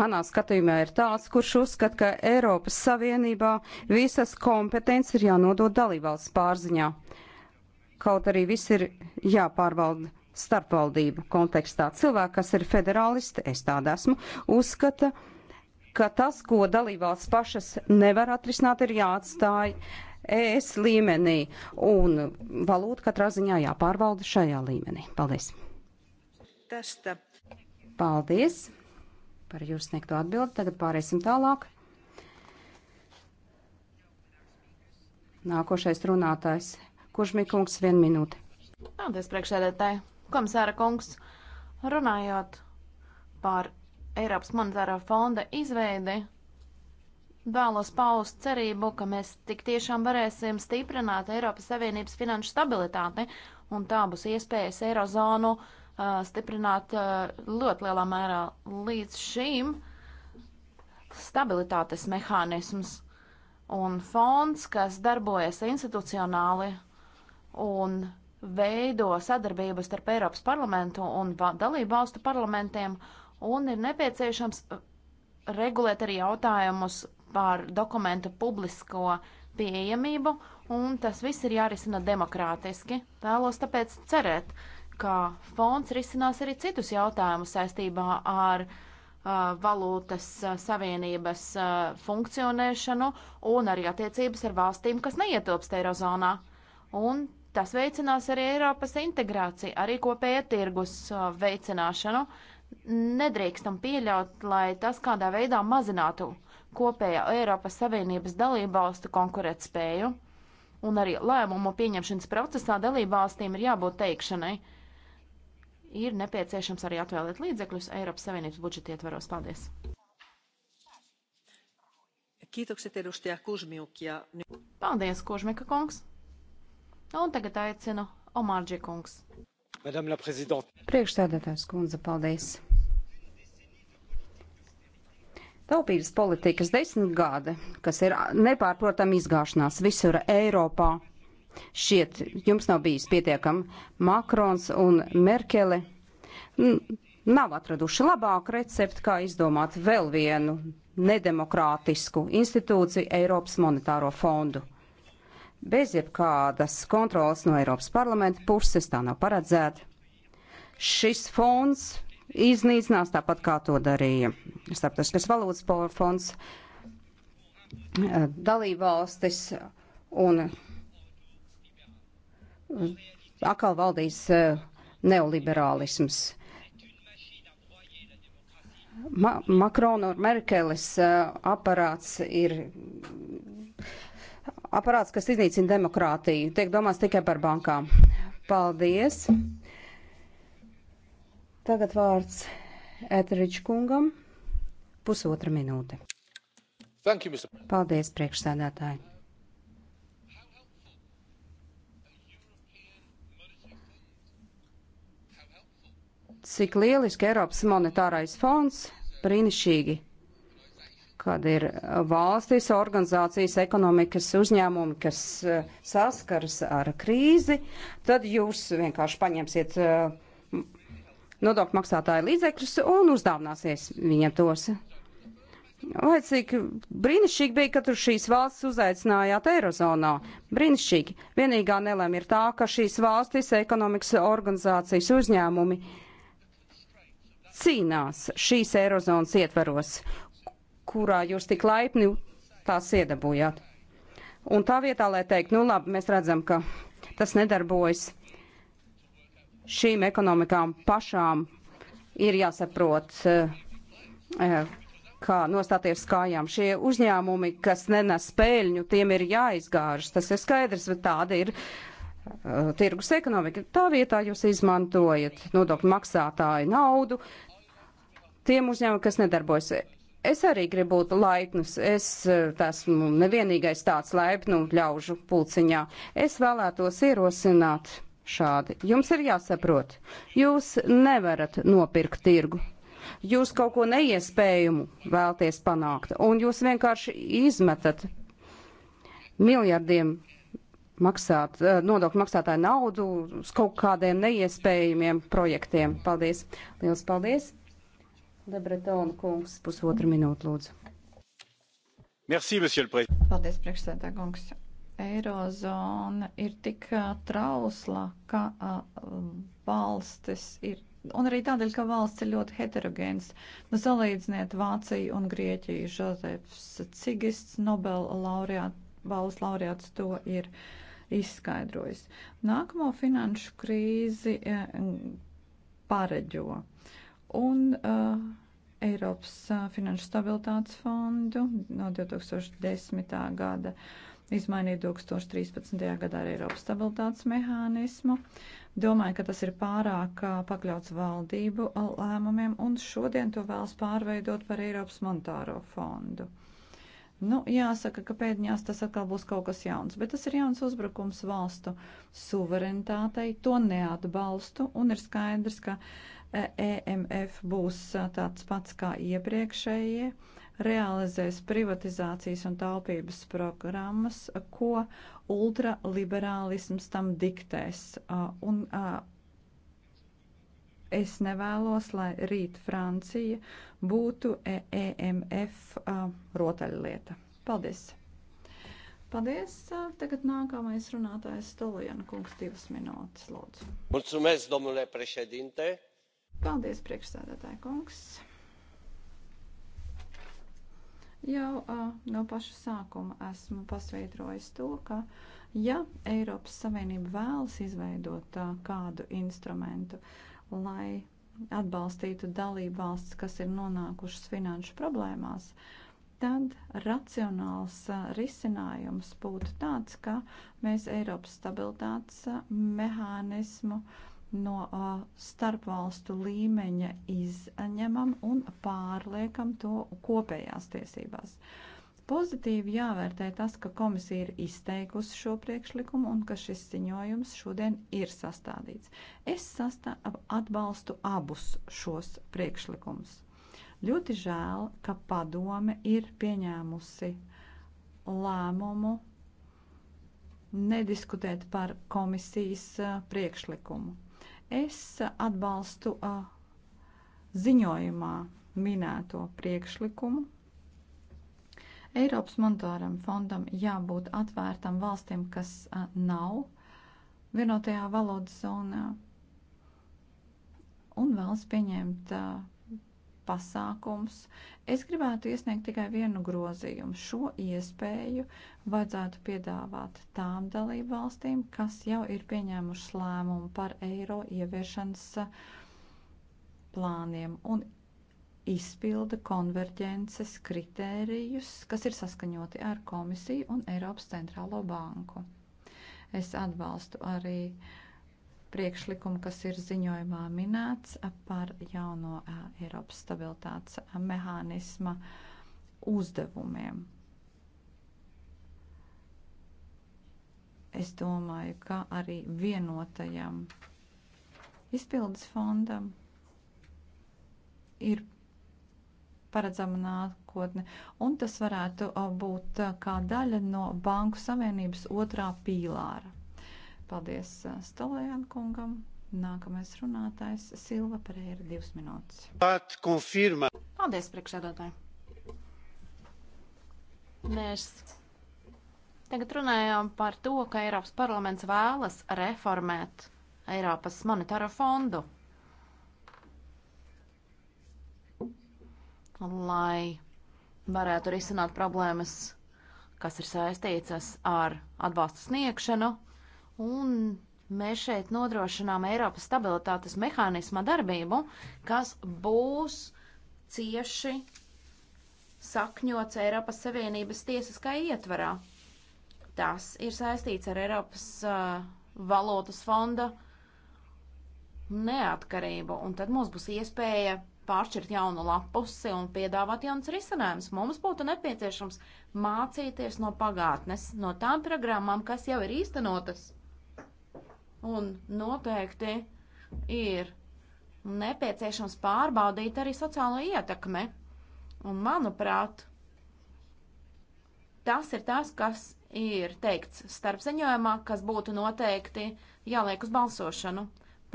C: manā skatījumā ir tāds, kurš uzskata, ka Eiropas Savienībā visas kompetences ir jānodod dalībvalsts pārziņā. Kaut arī viss ir jāpārvalda starpvaldību kontekstā. Cilvēki, kas ir federālisti, es tāda esmu, uzskata, ka tas, ko dalībvalsts pašas nevar atrisināt, ir jāatstāj ES līmenī, un valūta katrā ziņā jāpārvalda šajā līmenī. Paldies! Testa. Paldies par jūsu sniegto atbildi. Tagad pārēsim tālāk. Nākošais runātājs. Kurš mikungs vien minūte?
D: Paldies, priekšsēdētāji. Komisāra kungs, runājot par Eiropas monetārā fonda izveidi, Vēlos paust cerību, ka mēs tik tiešām varēsim stiprināt Eiropas Savienības finanšu stabilitāti, un tā būs iespējas Eirozonu uh, stiprināt uh, ļoti lielā mērā līdz šim stabilitātes mehānisms un fonds, kas darbojas institucionāli un veido sadarbības starp Eiropas parlamentu un dalību valstu parlamentiem, un ir nepieciešams regulēt arī jautājumus, par dokumentu publisko pieejamību, un tas viss ir jārisina demokrātiski. Vēlos tāpēc cerēt, ka fonds risinās arī citus jautājumus saistībā ar uh, valūtas uh, savienības uh, funkcionēšanu un arī attiecības ar valstīm, kas neietilpst Eirozonā. Un tas veicinās arī Eiropas integrāciju, arī kopēja tirgus uh, veicināšanu. Nedrīkstam pieļaut, lai tas kādā veidā mazinātu uh, kopējā Eiropas Savienības dalībvalstu konkurētspēju, un arī lēmumu pieņemšanas procesā dalībvalstīm ir jābūt teikšanai. Ir nepieciešams arī atvēlēt līdzekļus Eiropas Savienības budžeta ietvaros. Paldies!
B: Kiitokset edustaja Kuzmiuk ja...
D: Paldies, Kuzmika kungs! Un tagad aicinu Omārģi kungs.
A: Priekšstādātājs
D: kundze,
C: paldies! Taupības politikas desmitgāde, kas ir nepārprotam izgāšanās visur Eiropā, šiet jums nav bijis pietiekami. Makrons un Merkele nav atraduši labāku receptu, kā izdomāt vēl vienu nedemokrātisku institūciju Eiropas monetāro fondu. Bez jebkādas kontrolas no Eiropas parlamenta puses tā nav paredzēta. Šis fonds iznīcinās, tāpat kā to darīja Starptautiskais valūtas fonds, eh, dalībvalstis un eh, atkal valdīs eh, neoliberālisms. Ma Makrona un Merkeles aparāts ir aparāts, kas iznīcina demokrātiju. Tiek domāts tikai par bankām. Paldies! Tagad vārds Eteriča kungam. Pusotra minūte. You, Paldies, priekšsēdētāji. Cik lieliski Eiropas monetārais fonds, brīnišķīgi, kad ir valstis, organizācijas, ekonomikas uzņēmumi, kas eh, saskaras ar krīzi, tad jūs vienkārši paņemsiet uh, nodokļu maksātāju līdzekļus un uzdāvināsies viņiem tos. Vai cik brīnišķīgi bija, ka tur šīs valsts uzaicinājāt Eirozonā? Brīnišķīgi. Vienīgā nelēma ir tā, ka šīs valstis ekonomikas organizācijas uzņēmumi cīnās šīs Eirozonas ietvaros, kurā jūs tik laipni tās iedabūjāt. Un tā vietā, lai teikt, nu labi, mēs redzam, ka tas nedarbojas šīm ekonomikām pašām ir jāsaprot, eh, eh, kā nostāties kājām. Šie uzņēmumi, kas nenes peļņu, tiem ir jāizgāžas. Tas ir skaidrs, bet tāda ir uh, tirgus ekonomika. Tā vietā jūs izmantojat nodokļu maksātāju naudu tiem uzņēmumiem, kas nedarbojas. Es arī gribu būt laipnus. Es esmu nevienīgais tāds laipnu ļaužu pulciņā. Es vēlētos ierosināt šādi. Jums ir jāsaprot, jūs nevarat nopirkt tirgu. Jūs kaut ko neiespējumu vēlties panākt, un jūs vienkārši izmetat miljardiem maksāt, eh, nodokļu maksātāju naudu uz kaut kādiem neiespējumiem projektiem. Paldies! Liels
E: paldies! Lebretona kungs, pusotru minūtu lūdzu. Merci, Paldies, priekšsēdā kungs. Eirozona ir tik trausla, ka valstis ir. Un arī tādēļ, ka valsts ir ļoti heterogēns. Nu, salīdziniet Vāciju un Grieķiju. Žozefs Cigists, Nobela laureāt, balvas laureāts, to ir izskaidrojis. Nākamo finanšu krīzi pareģo. Un uh, Eiropas uh, Finanšu stabilitātes fondu no 2010. gada uh, izmainīja 2013. gadā ar Eiropas stabilitātes mehānismu. Domāju, ka tas ir pārāk pakļauts valdību lēmumiem, un šodien to vēlas pārveidot par Eiropas monetāro fondu. Nu, jāsaka, ka pēdiņās tas atkal būs kaut kas jauns, bet tas ir jauns uzbrukums valstu suverenitātei, to neatbalstu, un ir skaidrs, ka EMF būs tāds pats kā iepriekšējie. Ja realizēs privatizācijas un taupības programmas, ko ultraliberālisms tam diktēs. Un es nevēlos, lai rīt Francija būtu EMF e rotaļlieta. Paldies! Paldies! Tagad nākamais runātājs Stoliena kungs divas minūtes, lūdzu. Mulțumesc, domnule președinte! Paldies, priekšsēdētāji kungs! Jau uh, no paša sākuma esmu pasvītrojis to, ka ja Eiropas Savienība vēlas izveidot uh, kādu instrumentu, lai atbalstītu dalību valsts, kas ir nonākušas finanšu problēmās, tad racionāls risinājums būtu tāds, ka mēs Eiropas stabilitātes mehānismu uh, no uh, starpvalstu līmeņa izņemam un pārliekam to kopējās tiesībās. Pozitīvi jāvērtē tas, ka komisija ir izteikusi šo priekšlikumu un ka šis ziņojums šodien ir sastādīts. Es sastā, atbalstu abus šos priekšlikumus. Ļoti žēl, ka padome ir pieņēmusi lēmumu nediskutēt par komisijas priekšlikumu. Es atbalstu ziņojumā minēto priekšlikumu. Eiropas monetāram fondam jābūt atvērtam valstīm, kas nav vienotajā valodas zonā un vēlas pieņemt pasākums. Es gribētu iesniegt tikai vienu grozījumu. Šo iespēju vajadzētu piedāvāt tām dalību valstīm, kas jau ir pieņēmušas lēmumu par eiro ieviešanas uh, plāniem un izpilda konverģences kritērijus, kas ir saskaņoti ar komisiju un Eiropas centrālo banku. Es atbalstu arī uh, priekšlikumu, kas ir ziņojumā minēts par jauno Eiropas stabilitātes mehānisma uzdevumiem. Es domāju, ka arī vienotajam izpildes fondam ir paredzama nākotne, un tas varētu būt kā daļa no Banku Savienības otrā pīlāra. Paldies uh, Stalējan kungam. Nākamais runātājs Silva Pereira, divas minūtes.
C: Pat konfirma.
D: Paldies, priekšsēdētāji. Mēs tagad runājām par to, ka Eiropas parlaments vēlas reformēt Eiropas monetāro fondu. Lai varētu risināt problēmas, kas ir saistītas ar atbalstu sniegšanu Un mēs šeit nodrošinām Eiropas stabilitātes mehānisma darbību, kas būs cieši sakņots Eiropas Savienības tiesiskā ietvarā. Tas ir saistīts ar Eiropas uh, valūtas fonda neatkarību, un tad mums būs iespēja pāršķirt jaunu lapusi un piedāvāt jaunas risinājumus. Mums būtu nepieciešams mācīties no pagātnes, no tām programmām, kas jau ir īstenotas un noteikti ir nepieciešams pārbaudīt arī sociālo ietekmi. Un, manuprāt, tas ir tas, kas ir teikts starp ziņojumā, kas būtu noteikti jāliek uz balsošanu.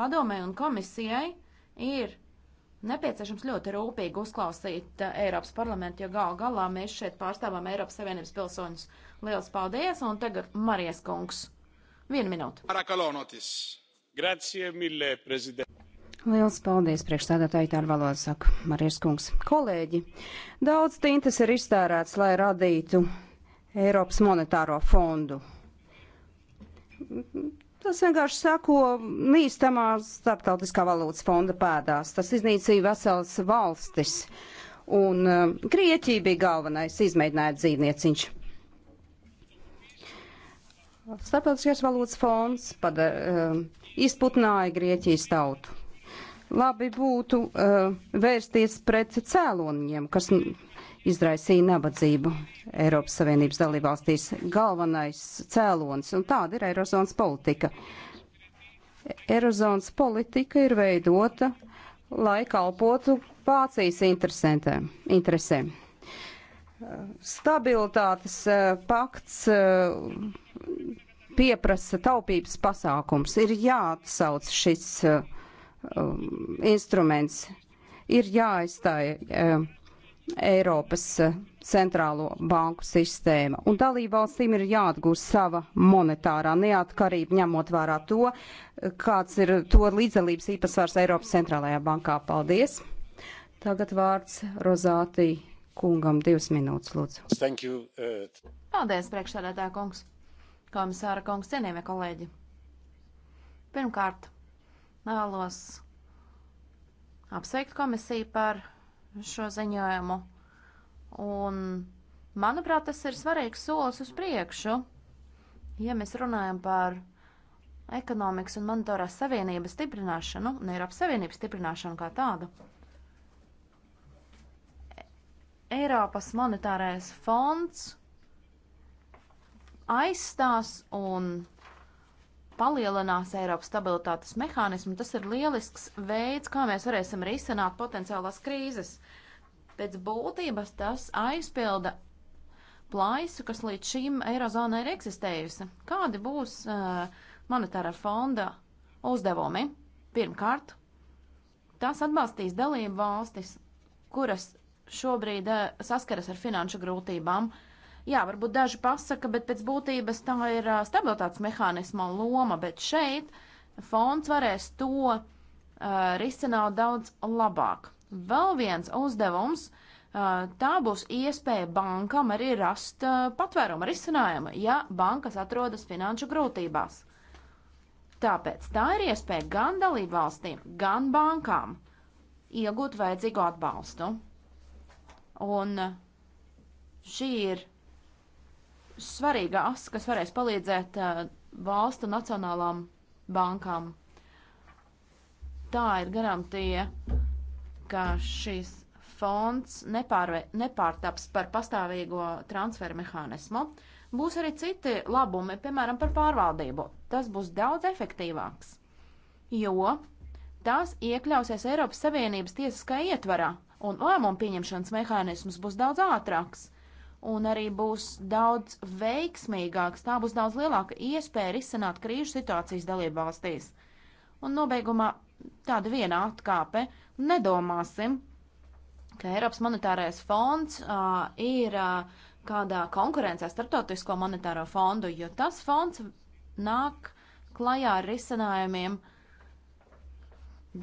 D: Padomē un komisijai ir nepieciešams ļoti rūpīgi uzklausīt eh, Eiropas parlamentu, jo gal galā mēs šeit pārstāvam Eiropas Savienības pilsoņus. Liels paldies, un tagad Marijas kungs! Vienu minūtu. Liels
C: paldies, priekšstādātāji, tā ir valoda, saka Marijas kungs. Kolēģi, daudz tintas ir iztērēts, lai radītu Eiropas monetāro fondu. Tas vienkārši sako nīstamā starptautiskā valūtas fonda pēdās. Tas iznīcīja veselas valstis. Un uh, Grieķija bija galvenais izmēģinājuma dzīvnieciņš. Starptautiskais valūtas fonds padara, uh, um, izputināja Grieķijas tautu. Labi būtu uh, vērsties pret cēloniem, kas izraisīja nabadzību Eiropas Savienības dalībvalstīs. Galvenais cēlonis, un tāda ir Eirozonas politika. Eirozonas politika ir veidota, lai kalpotu Vācijas interesēm stabilitātes eh, pakts eh, pieprasa taupības pasākums. Ir jāatsauc šis eh, um, instruments, ir jāaizstāja Eiropas centrālo banku sistēma. Un dalībvalstīm ir jāatgūst sava monetārā neatkarība, ņemot vērā to, kāds ir to līdzdalības īpatsvars Eiropas centrālajā bankā. Paldies! Tagad vārds Rozātī kungam divas minūtes, lūdzu.
A: Thank you, uh...
D: Paldies, priekšsēdētā kungs, komisāra kungs, cienījamie kolēģi. Pirmkārt, vēlos apsveikt komisiju par šo ziņojumu. Un, manuprāt, tas ir svarīgs solis uz priekšu, ja mēs runājam par ekonomikas un monetārās savienības stiprināšanu un Eiropas Savienības stiprināšanu kā tādu. Eiropas monetārais fonds aizstās un palielinās Eiropas stabilitātes mehānismu. Tas ir lielisks veids, kā mēs varēsim risināt potenciālās krīzes. Pēc būtības tas aizpilda plaisu, kas līdz šim Eirozonai ir eksistējusi. Kādi būs uh, monetāra fonda uzdevumi? Pirmkārt, tas atbalstīs dalību valstis, kuras šobrīd eh, saskaras ar finanšu grūtībām. Jā, varbūt daži pasaka, bet pēc būtības tā ir eh, stabilitātes mehānisma loma, bet šeit fonds varēs to uh, risināt daudz labāk. Vēl viens uzdevums uh, tā būs iespēja bankam arī rast uh, patvērumu risinājumu, ja bankas atrodas finanšu grūtībās. Tāpēc tā ir iespēja gan dalībvalstīm, gan bankām iegūt vajadzīgo atbalstu. Un eh, šī ir svarīga asa, kas varēs palīdzēt uh, valstu nacionālām bankām. Tā ir garantija, ka šīs fonds nepārve, nepārtaps par pastāvīgo transferu mehānismu. Būs arī citi labumi, piemēram, par pārvaldību. Tas būs daudz efektīvāks, jo tas iekļausies Eiropas Savieniības tiesiskā ietvarā un lēmumu pieņemšanas mehānisms būs daudz ātrāks un arī būs daudz veiksmīgāks. Tā būs daudz lielāka iespēja risināt krīžu situācijas dalību valstīs. Un nobeigumā tāda viena atkāpe. Nedomāsim, ka Eiropas monetārais fonds uh, ir uh, kādā konkurencē starptautisko monetāro fondu, jo tas fonds nāk klajā ar risinājumiem uh,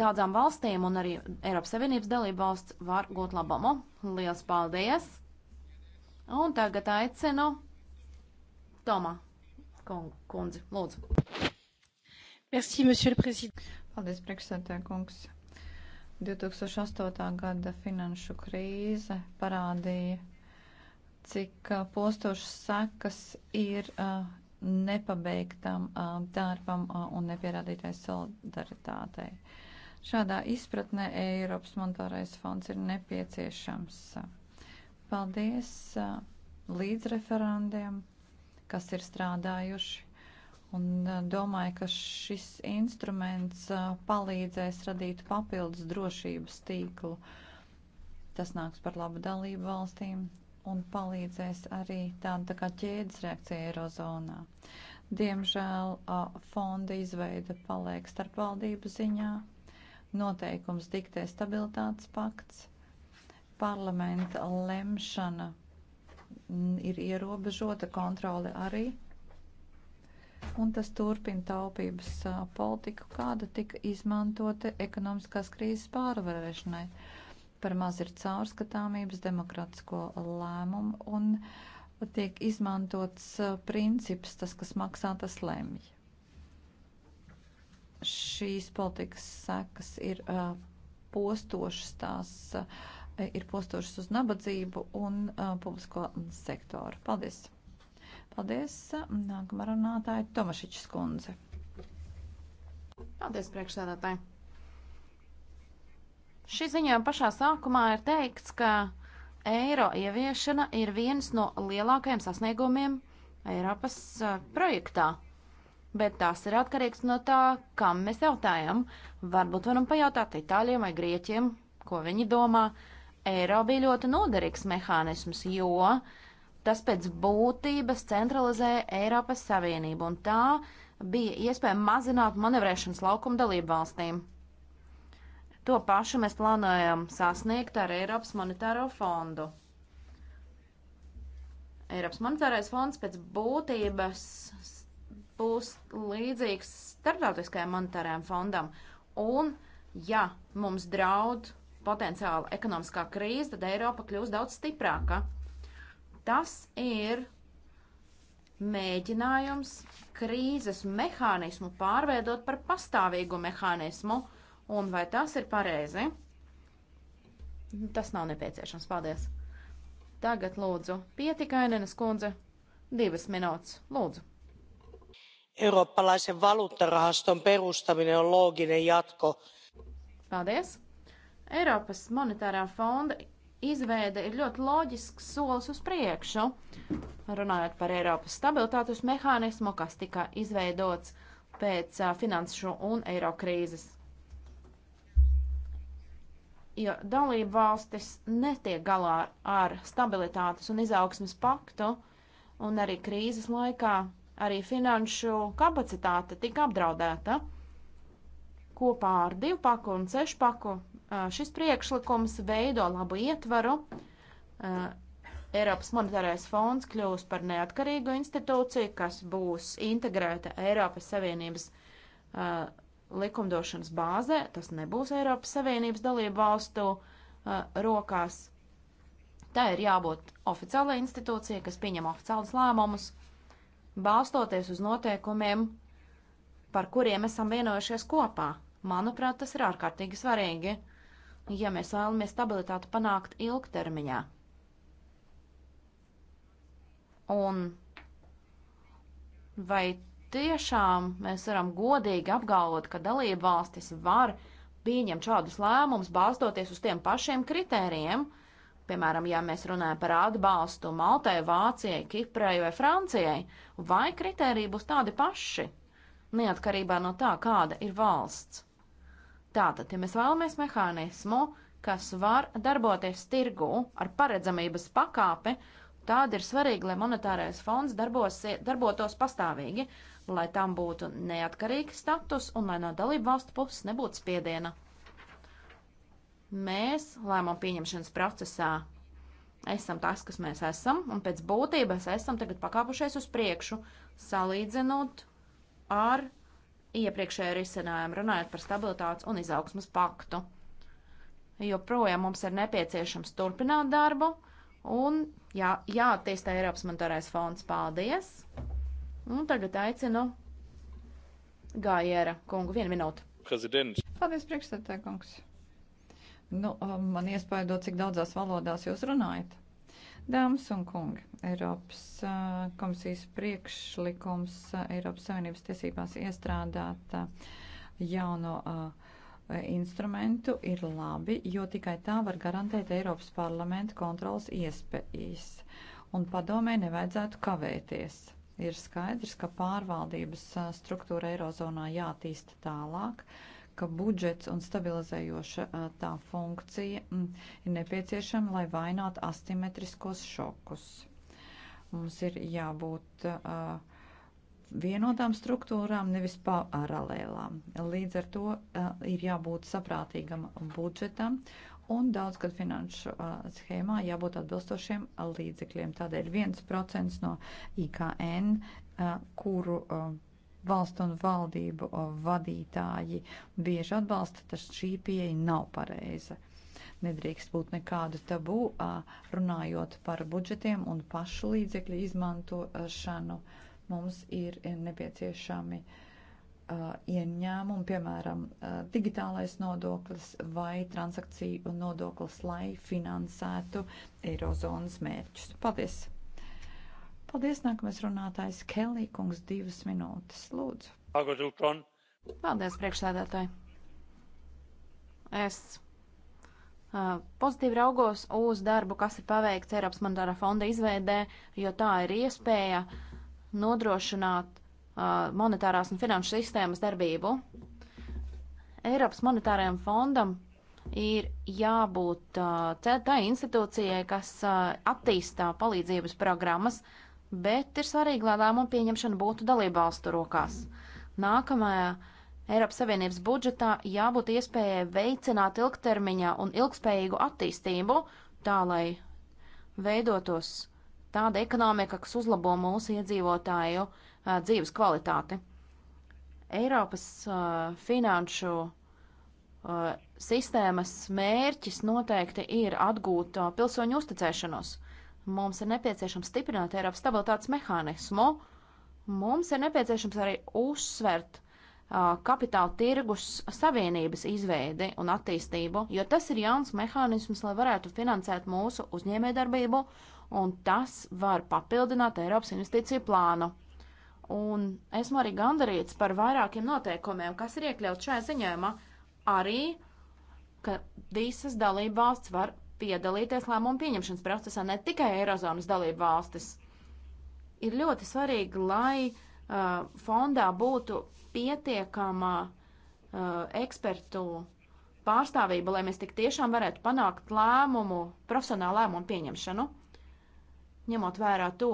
D: daudzām valstīm un arī Eiropas Savienības dalību valsts var gūt labumu. Lielas paldies! Un tagad aicinu Tomā kundzi, lūdzu. Merci, monsieur le président. Paldies, priekšsētē kungs. 2008.
E: gada finanšu krīze parādīja, cik postošas sekas ir uh, nepabeigtam uh, darbam uh, un nepierādītai solidaritātei. Uh, Šādā izpratnē Eiropas monetārais fonds ir nepieciešams. Paldies līdzreferandiem, kas ir strādājuši. Un domāju, ka šis instruments palīdzēs radīt papildus drošības tīklu. Tas nāks par labu dalību valstīm un palīdzēs arī tāda tā kā ķēdes reakcija Eirozonā. Diemžēl fonda izveida paliek starpvaldību ziņā Noteikums diktē stabilitātes pakts, parlamenta lemšana ir ierobežota, kontrole arī. Un tas turpina taupības politiku, kāda tika izmantota ekonomiskās krīzes pārvarēšanai. Par maz ir caurskatāmības, demokratisko lēmumu un tiek izmantots princips, tas, kas maksā, tas lemj šīs politikas sekas ir uh, postošas, tās uh, ir postošas uz nabadzību un uh, publisko sektoru. Paldies! Paldies! Nākamā runātāja Tomašiķis kundze.
D: Paldies, priekšsēdētāji! Šī ziņā pašā sākumā ir teikts, ka eiro ieviešana ir viens no lielākajiem sasniegumiem Eiropas uh, projektā bet tas ir atkarīgs no tā, kam mēs jautājam. Varbūt varam pajautāt itāļiem vai grieķiem, ko viņi domā. Eiro bija ļoti noderīgs mehānisms, jo tas pēc būtības centralizēja Eiropas Savienību, un tā bija iespēja mazināt manevrēšanas laukumu dalību valstīm. To pašu mēs plānojam sasniegt ar Eiropas monetāro fondu. Eiropas monetārais fonds pēc būtības būs līdzīgs starptautiskajam monetārajam fondam. Un, ja mums draud potenciāla ekonomiskā krīze, tad Eiropa kļūs daudz stiprāka. Tas ir mēģinājums krīzes mehānismu pārveidot par pastāvīgu mehānismu, un vai tas ir pareizi? Tas nav nepieciešams. Paldies! Tagad lūdzu, pietikainenes kundze, divas minūtes, lūdzu
B: eurooppalaisen valuuttarahaston perustaminen on looginen jatko. Paldies!
D: Eiropas monetārā fonda izveide ir ļoti loģisks solis uz priekšu. Runājot par Eiropas stabilitātes mehānismu, kas tika izveidots pēc uh, finanšu un eiro krīzes. Jo dalība valstis netiek galā ar stabilitātes un izaugsmas paktu, un arī krīzes laikā arī finanšu kapacitāte tika apdraudēta. Kopā ar divpaku un sešpaku šis priekšlikums veido labu ietvaru. Eiropas monetārais fonds kļūs par neatkarīgu institūciju, kas būs integrēta Eiropas Savienības uh, likumdošanas bāzē. Tas nebūs Eiropas Savienības dalību valstu uh, rokās. Tā ir jābūt oficiālai institūcijai, kas pieņem oficiālus lēmumus. Uh, balstoties uz noteikumiem, par kuriem esam vienojušies kopā. Manuprāt, tas ir ārkārtīgi svarīgi, ja mēs vēlamies stabilitāti panākt ilgtermiņā. Un vai tiešām mēs varam godīgi apgalvot, ka dalība valstis var pieņemt šādus lēmumus, balstoties uz tiem pašiem kritērijiem, uh, Piemēram, ja mēs runājam par atbalstu Maltai, Vācijai, Kiprai vai Francijai, vai kritēriji būs tādi paši, neatkarībā no tā, kāda ir valsts. Tātad, ja mēs vēlamies mehānismu, kas var darboties tirgu ar paredzamības pakāpi, tad ir svarīgi, lai monetārais fonds darbos, darbotos pastāvīgi, lai tam būtu neatkarīgs status un lai no dalību valstu puses nebūtu spiediena. Mēs lēmumu pieņemšanas procesā esam tas, kas mēs esam, un pēc būtības esam tagad pakāpušies uz priekšu, salīdzinot ar iepriekšēju risinājumu, runājot par stabilitātes un izaugsmas paktu. Joprojām mums ir nepieciešams turpināt darbu un jā, jāattīsta Eiropas monetārais fonds. Paldies! Un tagad aicinu Gājēra kungu vienu minūtu. Prezidents. Paldies, priekšstādātāj kungs. Nu,
E: man iespaido, cik daudzās valodās jūs runājat. Dāmas un kungi, Eiropas eh, komisijas priekšlikums eh, Eiropas Savienības tiesībās iestrādāt eh, jauno instrumentu ir labi, jo tikai tā var garantēt Eiropas parlamenta kontrolas iespējas. Un padomē nevajadzētu kavēties. Ir skaidrs, ka pārvaldības struktūra Eirozonā jātīsta tālāk, uh, ka budžets un stabilizējoša tā funkcija mm, ir nepieciešama, lai vainātu asimetriskos šokus. Mums ir jābūt vienotām struktūrām, nevis paralēlām. Līdz ar to ir jābūt saprātīgam budžetam un daudzgad finanšu uh, schēmā jābūt atbilstošiem līdzekļiem. Tādēļ 1% no IKN, uh, kuru uh, valstu un valdību vadītāji bieži atbalsta, tas šī pieeja nav pareiza. Nedrīkst būt nekādu tabū runājot par budžetiem un pašu līdzekļu izmantošanu. Mums ir nepieciešami ieņēmumi, piemēram, digitālais nodoklis vai transakciju nodoklis, lai finansētu Eirozonas mērķus. Paldies! Paldies, nākamais runātājs Kelly kungs, divas minūtes.
B: Lūdzu.
D: Paldies, priekšsēdētāji. Es uh, pozitīvi raugos uz darbu, kas ir paveikts Eiropas mandāra fonda izveidē, jo tā ir iespēja nodrošināt uh, monetārās un finanšu sistēmas darbību. Eiropas monetārajam fondam ir jābūt uh, tai institūcijai, kas uh, attīstā palīdzības programmas, bet ir svarīgi, lai lēmumu pieņemšana būtu dalībvalstu rokās. Nākamajā Eiropas Savienības budžetā jābūt iespējai veicināt ilgtermiņā un ilgspējīgu attīstību, tā lai veidotos tāda ekonomika, kas uzlabo mūsu iedzīvotāju a, dzīves kvalitāti. Eiropas a, finanšu a, sistēmas mērķis noteikti ir atgūt pilsoņu uzticēšanos. Mums ir nepieciešams stiprināt Eiropas stabilitātes mehānismu. Mums ir nepieciešams arī uzsvert uh, kapitāla tirgus savienības izveidi un attīstību, jo tas ir jauns mehānisms, lai varētu finansēt mūsu uzņēmējdarbību, un tas var papildināt Eiropas investīciju plānu. Un esmu arī gandarīts par vairākiem noteikumiem, kas ir iekļauts šajā ziņojumā, arī, ka visas dalībvalsts var piedalīties lēmumu pieņemšanas procesā ne tikai Eirozonas dalību valstis. Ir ļoti svarīgi, lai uh, fondā būtu pietiekama uh, ekspertu pārstāvība, lai mēs tik tiešām varētu panākt lēmumu, profesionālu lēmumu pieņemšanu, ņemot vērā to,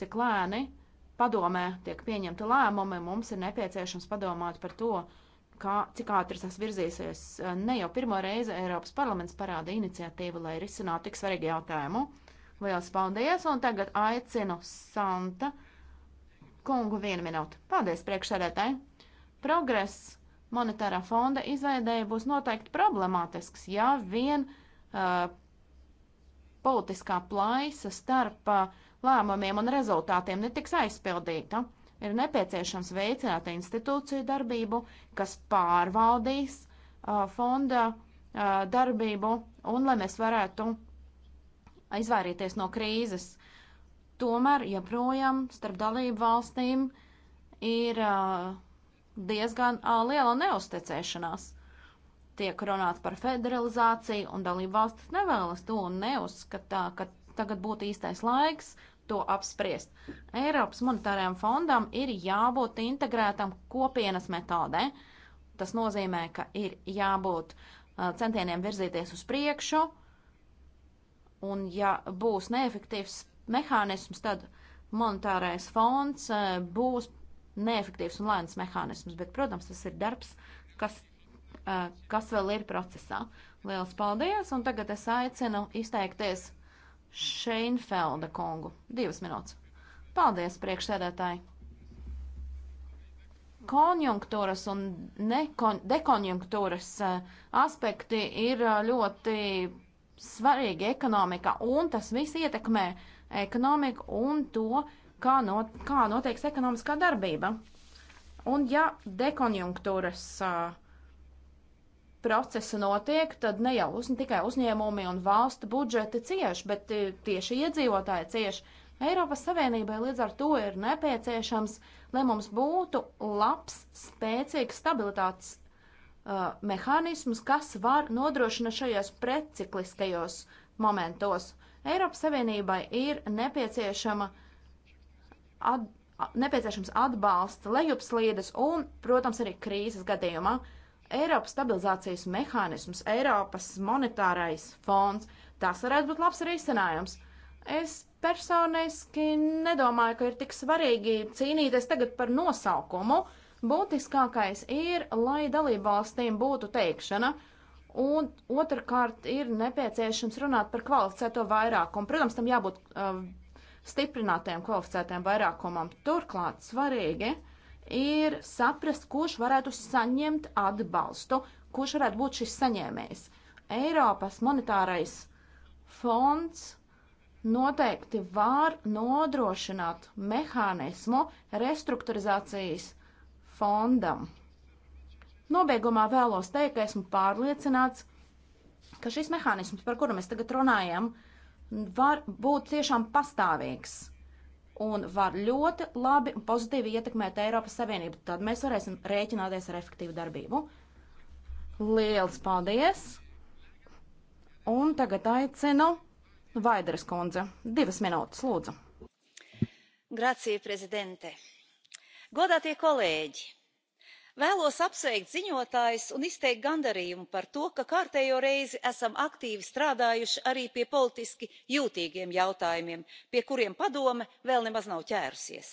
D: cik lēni padomē tiek pieņemti lēmumi, mums ir nepieciešams padomāt par to, uh, kā, cik ātri tas virzīsies. Eh, ne jau pirmo reizi Eiropas parlaments parāda iniciatīvu, lai risinātu tik svarīgu jautājumu. Lielas paldies, un tagad aicinu Santa kungu vienu minūtu. Paldies priekšsēdētāji! Progress monetārā fonda izveidēja būs noteikti problemātisks, ja vien uh, politiskā plaisa starp uh, lēmumiem un rezultātiem netiks aizpildīta. Uh, ir nepieciešams veicināt institūciju darbību, kas pārvaldīs uh, fonda uh, darbību un lai mēs varētu izvairīties no krīzes. Tomēr joprojām ja starp dalību valstīm ir uh, diezgan liela neusticēšanās. Tiek runāts par federalizāciju, un dalību valstis nevēlas to un neuzskatā, ka tagad būtu īstais laiks to apspriest. Eiropas monetārajam fondam ir jābūt integrētam kopienas metodē. Tas nozīmē, ka ir jābūt uh, centieniem virzīties uz priekšu, un ja būs neefektīvs mehānisms, tad monetārais fonds uh, būs neefektīvs un lēns mehānisms. Bet, protams, tas ir darbs, kas, uh, kas vēl ir procesā. Lielas paldies, un tagad es aicinu izteikties Šeinfelda kungu. Divas minūtes. Paldies, priekšsēdētāji! konjunktūras un nekon, dekonjunktūras eh, aspekti ir eh, ļoti svarīgi ekonomikā, un tas viss ietekmē ekonomiku un to, kā, not, kā noteiks ekonomiskā darbība. Un ja dekonjunktūras uh, procesa notiek, tad ne jau uz, tikai uzņēmumi un valsta budžeti cieši, bet e, tieši iedzīvotāji cieši. Eiropas Savienībai līdz ar to ir nepieciešams, lai mums būtu labs, spēcīgs stabilitātes uh, mehānisms, kas var nodrošināt šajos precikliskajos momentos. Eiropas Savienībai ir nepieciešama at, nepieciešams atbalsts lejupslīdes un, protams, arī krīzes gadījumā. Uh, Eiropas stabilizācijas mehānisms, Eiropas monetārais fonds, tas varētu būt labs risinājums. Es personiski nedomāju, ka ir tik svarīgi cīnīties tagad par nosaukumu. Būtiskākais ir, lai dalībvalstīm būtu teikšana, un otrkārt ir nepieciešams runāt par kvalificēto vairākumu. Protams, tam jābūt uh, stiprinātajam kvalificētajam vairākumam. Turklāt svarīgi ir saprast, kurš varētu saņemt atbalstu, kurš varētu būt šis saņēmējs. Eiropas monetārais fonds noteikti var nodrošināt mehānismu restruktūrizācijas fondam. Nobeigumā vēlos teikt, ka esmu pārliecināts, ka šis mehānisms, par kuru mēs tagad runājam, var būt tiešām pastāvīgs un var ļoti labi un pozitīvi ietekmēt Eiropas Savienību. Tad mēs varēsim rēķināties ar efektīvu darbību. Liels paldies! Un tagad aicinu Vaidaras kundze. Divas minūtes, lūdzu.
F: Grazie, prezidente. Godātie kolēģi! vēlos apsveikt ziņotājus un izteikt gandarījumu par to ka kārtējo reizi esam aktīvi strādājuši arī pie politiski jūtīgiem jautājumiem pie kuriem padome vēl nemaz nav ķērusies.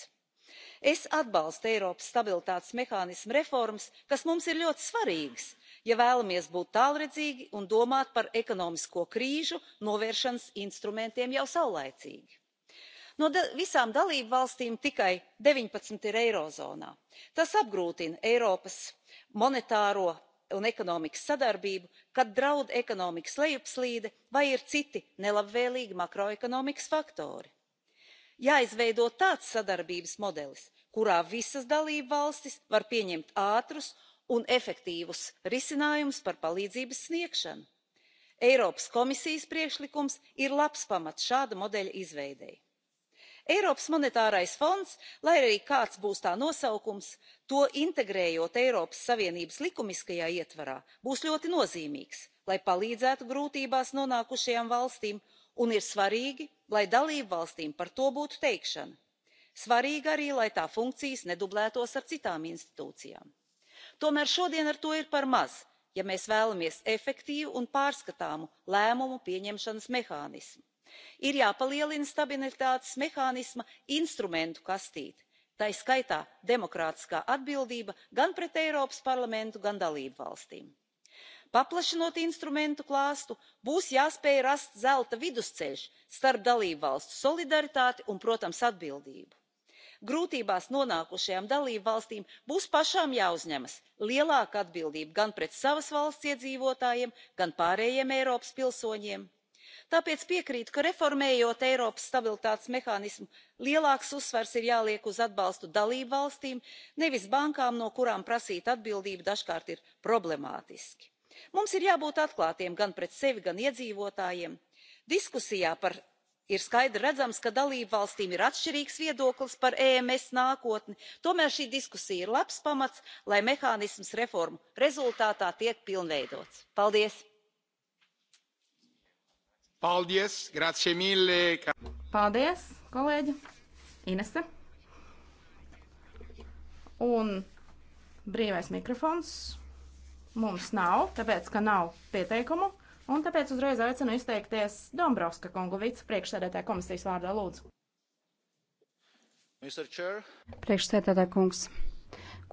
F: es atbalstu eiropas stabilitātes mehānisma reformas kas mums ir ļoti svarīgas ja vēlamies būt tālredzīgi un domāt par ekonomisko krīžu novēršanas instrumentiem jau saulaicīgi no visām dalībvalstīm tikai deviņpadsmit ir eirozonā. tas apgrūtina eiropas monetāro un ekonomikas sadarbību kad draud ekonomikas lejupslīde vai ir citi nelabvēlīgi makroekonomikas faktori. jāizveido tāds sadarbības modelis kurā visas dalībvalstis var pieņemt ātrus un efektīvus risinājumus par palīdzības sniegšanu. eiropas komisijas priekšlikums ir labs pamats šāda modeļa izveidei eiropas monetārais fonds lai arī kāds būs tā nosaukums to integrējot eiropas savienības likumiskajā ietvarā būs ļoti nozīmīgs lai palīdzētu grūtībās nonākušajām valstīm un ir svarīgi lai dalībvalstīm par to būtu teikšana. svarīgi arī lai tā funkcijas nedublētos ar citām institūcijām. tomēr šodien ar to ir par maz ja mēs vēlamies efektīvu un pārskatāmu lēmumu pieņemšanas mehānismu ir jāpalielina stabilitātes mehānisma instrumentu kastīte tai skaitā demokrātiskā atbildība gan pret eiropas parlamentu gan dalībvalstīm. paplašinot instrumentu klāstu būs jāspēj rast zelta vidusceļš starp dalībvalstu solidaritāti un protams atbildību. grūtībās nonākušajām dalībvalstīm būs pašām jāuzņemas lielāka atbildība gan pret savas valsts iedzīvotājiem gan pārējiem eiropas pilsoņiem tāpēc piekrītu ka reformējot eiropas stabilitātes mehānismu lielāks uzsvars ir jāliek uz atbalstu dalībvalstīm nevis bankām no kurām prasīt atbildību dažkārt ir problemātiski. mums ir jābūt atklātiem gan pret sevi gan iedzīvotājiem. diskusijā par ir skaidri redzams ka dalībvalstīm ir atšķirīgs viedoklis par ems nākotni tomēr šī diskusija ir labs pamats lai mehānisms reformu rezultātā tiek pilnveidots. paldies! Paldies, grazie mille. Paldies, kolēģi
D: Inese. Un brīvais mikrofons mums nav, tāpēc, ka nav pieteikumu, un tāpēc uzreiz aicinu izteikties Dombrovska kungu vicepriekšsēdētāja komisijas vārdā lūdzu.
C: Priekšsēdētāja kungs,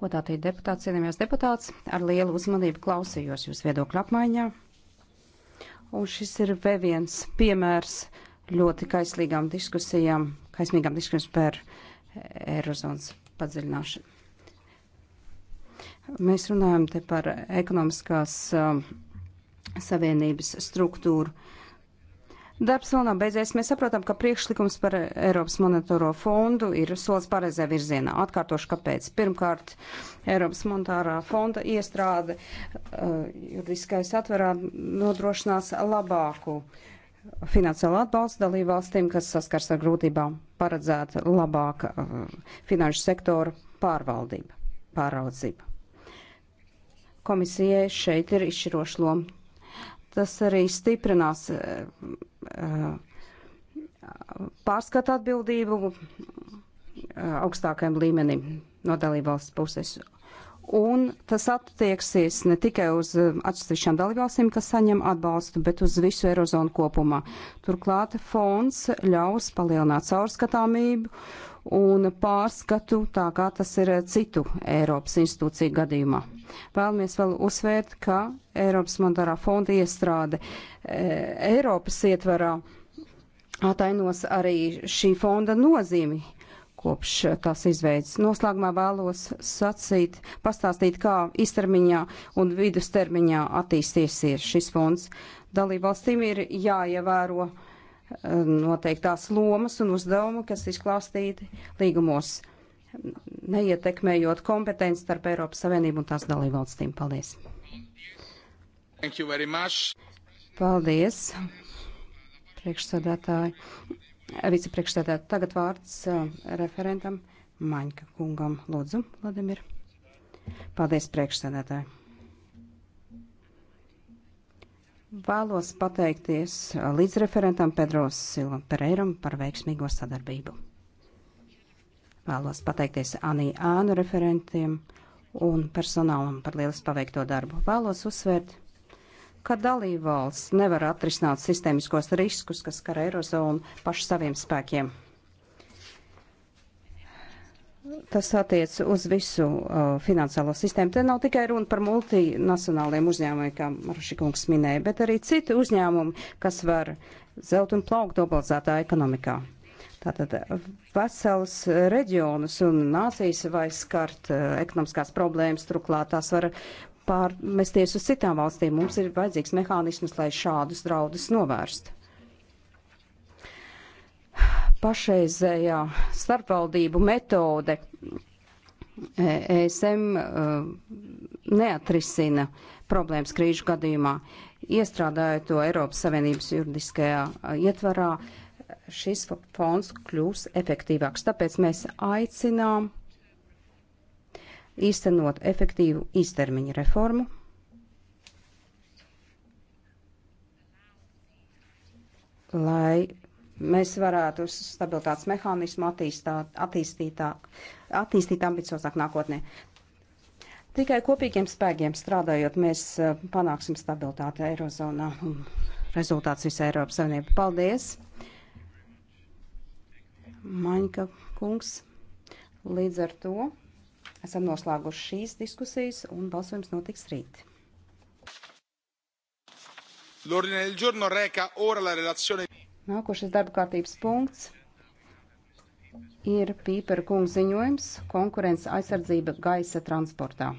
C: godātie deputāti, cienījamies deputāts, ar lielu uzmanību klausījos jūs viedokļu apmaiņā. Un šis ir vēl viens piemērs ļoti kaislīgām diskusijām, kaislīgām diskusijām par Eirozonas padziļināšanu. Mēs runājam te par ekonomiskās um, savienības struktūru. Uh, Darbs vēl nav beidzies. Mēs saprotam, ka priekšlikums par Eiropas monetāro fondu ir solis pareizajā virzienā. Atkārtošu, kāpēc. Pirmkārt, Eiropas monetārā fonda iestrāde uh, juridiskais atverā nodrošinās labāku finansiālu atbalstu dalību valstīm, kas saskars ar grūtībām paredzēt labāka uh, finanšu sektora pārvaldība, pāraudzība. Komisijai šeit ir izšķiroša loma. Tas arī stiprinās uh, Eh, pārskata atbildību eh, augstākajam līmenim no dalībvalsts puses. Un tas attieksies ne tikai uz eh, atsevišķām dalībvalstīm, kas saņem atbalstu, bet uz visu Eirozonu kopumā. Turklāt fonds ļaus palielināt caurskatāmību un pārskatu, tā kā tas ir citu Eiropas institūciju gadījumā. Vēlamies vēl uzsvērt, ka Eiropas monetārā fonda iestrāde e, Eiropas ietvarā atainos arī šī fonda nozīmi kopš tās izveids. Noslēgumā vēlos sacīt, pastāstīt, kā īstermiņā un vidustermiņā attīstīsies šis fonds. Dalībvalstīm ir jāievēro. Ja noteiktās lomas un uzdevumu, kas izklāstīti līgumos, neietekmējot kompetenci starp Eiropas Savienību un tās dalībvalstīm. Paldies! Paldies, priekšsēdētāji, vicepriekšsēdētāji. Tagad vārds uh, referentam Maņka kungam. Lūdzu, Vladimir. Paldies, priekšsēdētāji. Vēlos pateikties uh, līdzreferentam Pedro Silva Pereiram par veiksmīgo sadarbību. Vēlos pateikties Anī Ānu referentiem un personālam par lielas paveikto darbu. Vēlos uzsvērt, ka dalībvalsts nevar atrisināt sistēmiskos riskus, kas kara Eirozonu pašu saviem spēkiem. Tas attiec uz visu uh, finansiālo sistēmu. Te nav tikai runa par multinacionāliem uzņēmumiem, kā Maršikungs minēja, bet arī citi uzņēmumi, kas var zelt un plaukt globalizētā ekonomikā. Tātad vesels reģionus un nācijas vai skart uh, ekonomiskās problēmas, turklāt tās var pārmesties uz citām valstīm. Mums ir vajadzīgs mehānisms, lai šādus draudus novērstu pašreizējā starpvaldību metode ESM e, neatrisina problēmas krīžu gadījumā. Iestrādājot to Eiropas Savienības juridiskajā e, ietvarā, šis fonds kļūs efektīvāks. Tāpēc mēs aicinām īstenot efektīvu īstermiņa reformu. lai mēs varētu stabilitātes mehānismu attīstāt, attīstītāk, attīstīt ambiciozāk nākotnē. Tikai kopīgiem spēkiem strādājot, mēs eh, panāksim stabilitāti Eirozonā un rezultāts visai Eiropas Savienībai. Paldies! Maņka kungs, līdz ar to esam noslēguši šīs diskusijas un balsojums notiks rīt.
F: L'ordine del giorno reca ora la relazione
C: Nākošais darba kārtības punkts ir Pīpera kungs ziņojums - konkurence aizsardzība gaisa transportā.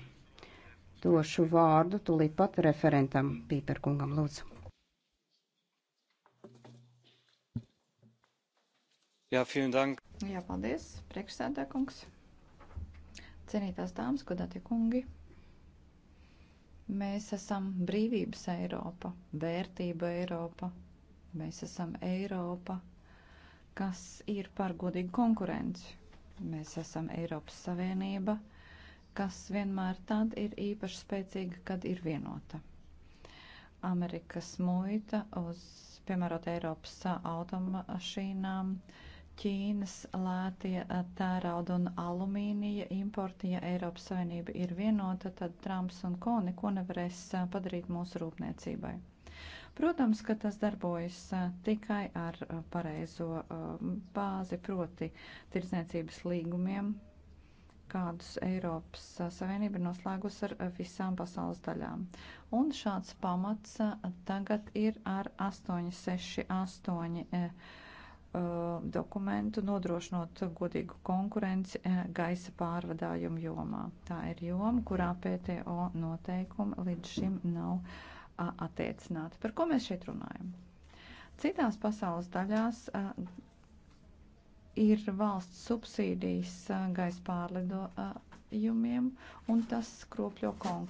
C: Došu vārdu tūlīt pat referentam Pīpera kungam lūdzu.
D: Jā, dank. Jā paldies,
E: priekšsēdē kungs. Cienītās dāmas, godātie kungi. Mēs esam brīvības Eiropa, vērtība Eiropa, Mēs esam Eiropa, kas ir par godīgu konkurenci. Mēs esam Eiropas Savienība, kas vienmēr tad ir īpaši spēcīga, kad ir vienota. Amerikas muita uz, piemērot, Eiropas automašīnām, Ķīnas lētie tērauda un alumīnija importi, ja Eiropas Savienība ir vienota, tad Trumps un Ko neko nevarēs padarīt mūsu rūpniecībai. Protams, ka tas darbojas tikai ar pareizo bāzi, proti tirdzniecības līgumiem, kādus Eiropas Savienība ir noslēgusi ar visām pasaules daļām. Un šāds pamats tagad ir ar 868 dokumentu nodrošinot godīgu konkurenci gaisa pārvadājumu jomā. Tā ir joma, kurā PTO noteikumi līdz šim nav attiecināti. Par ko mēs šeit runājam? Citās pasaules daļās a, ir valsts subsīdijas gaisa pārlidojumiem, un tas kropļo konkurenci.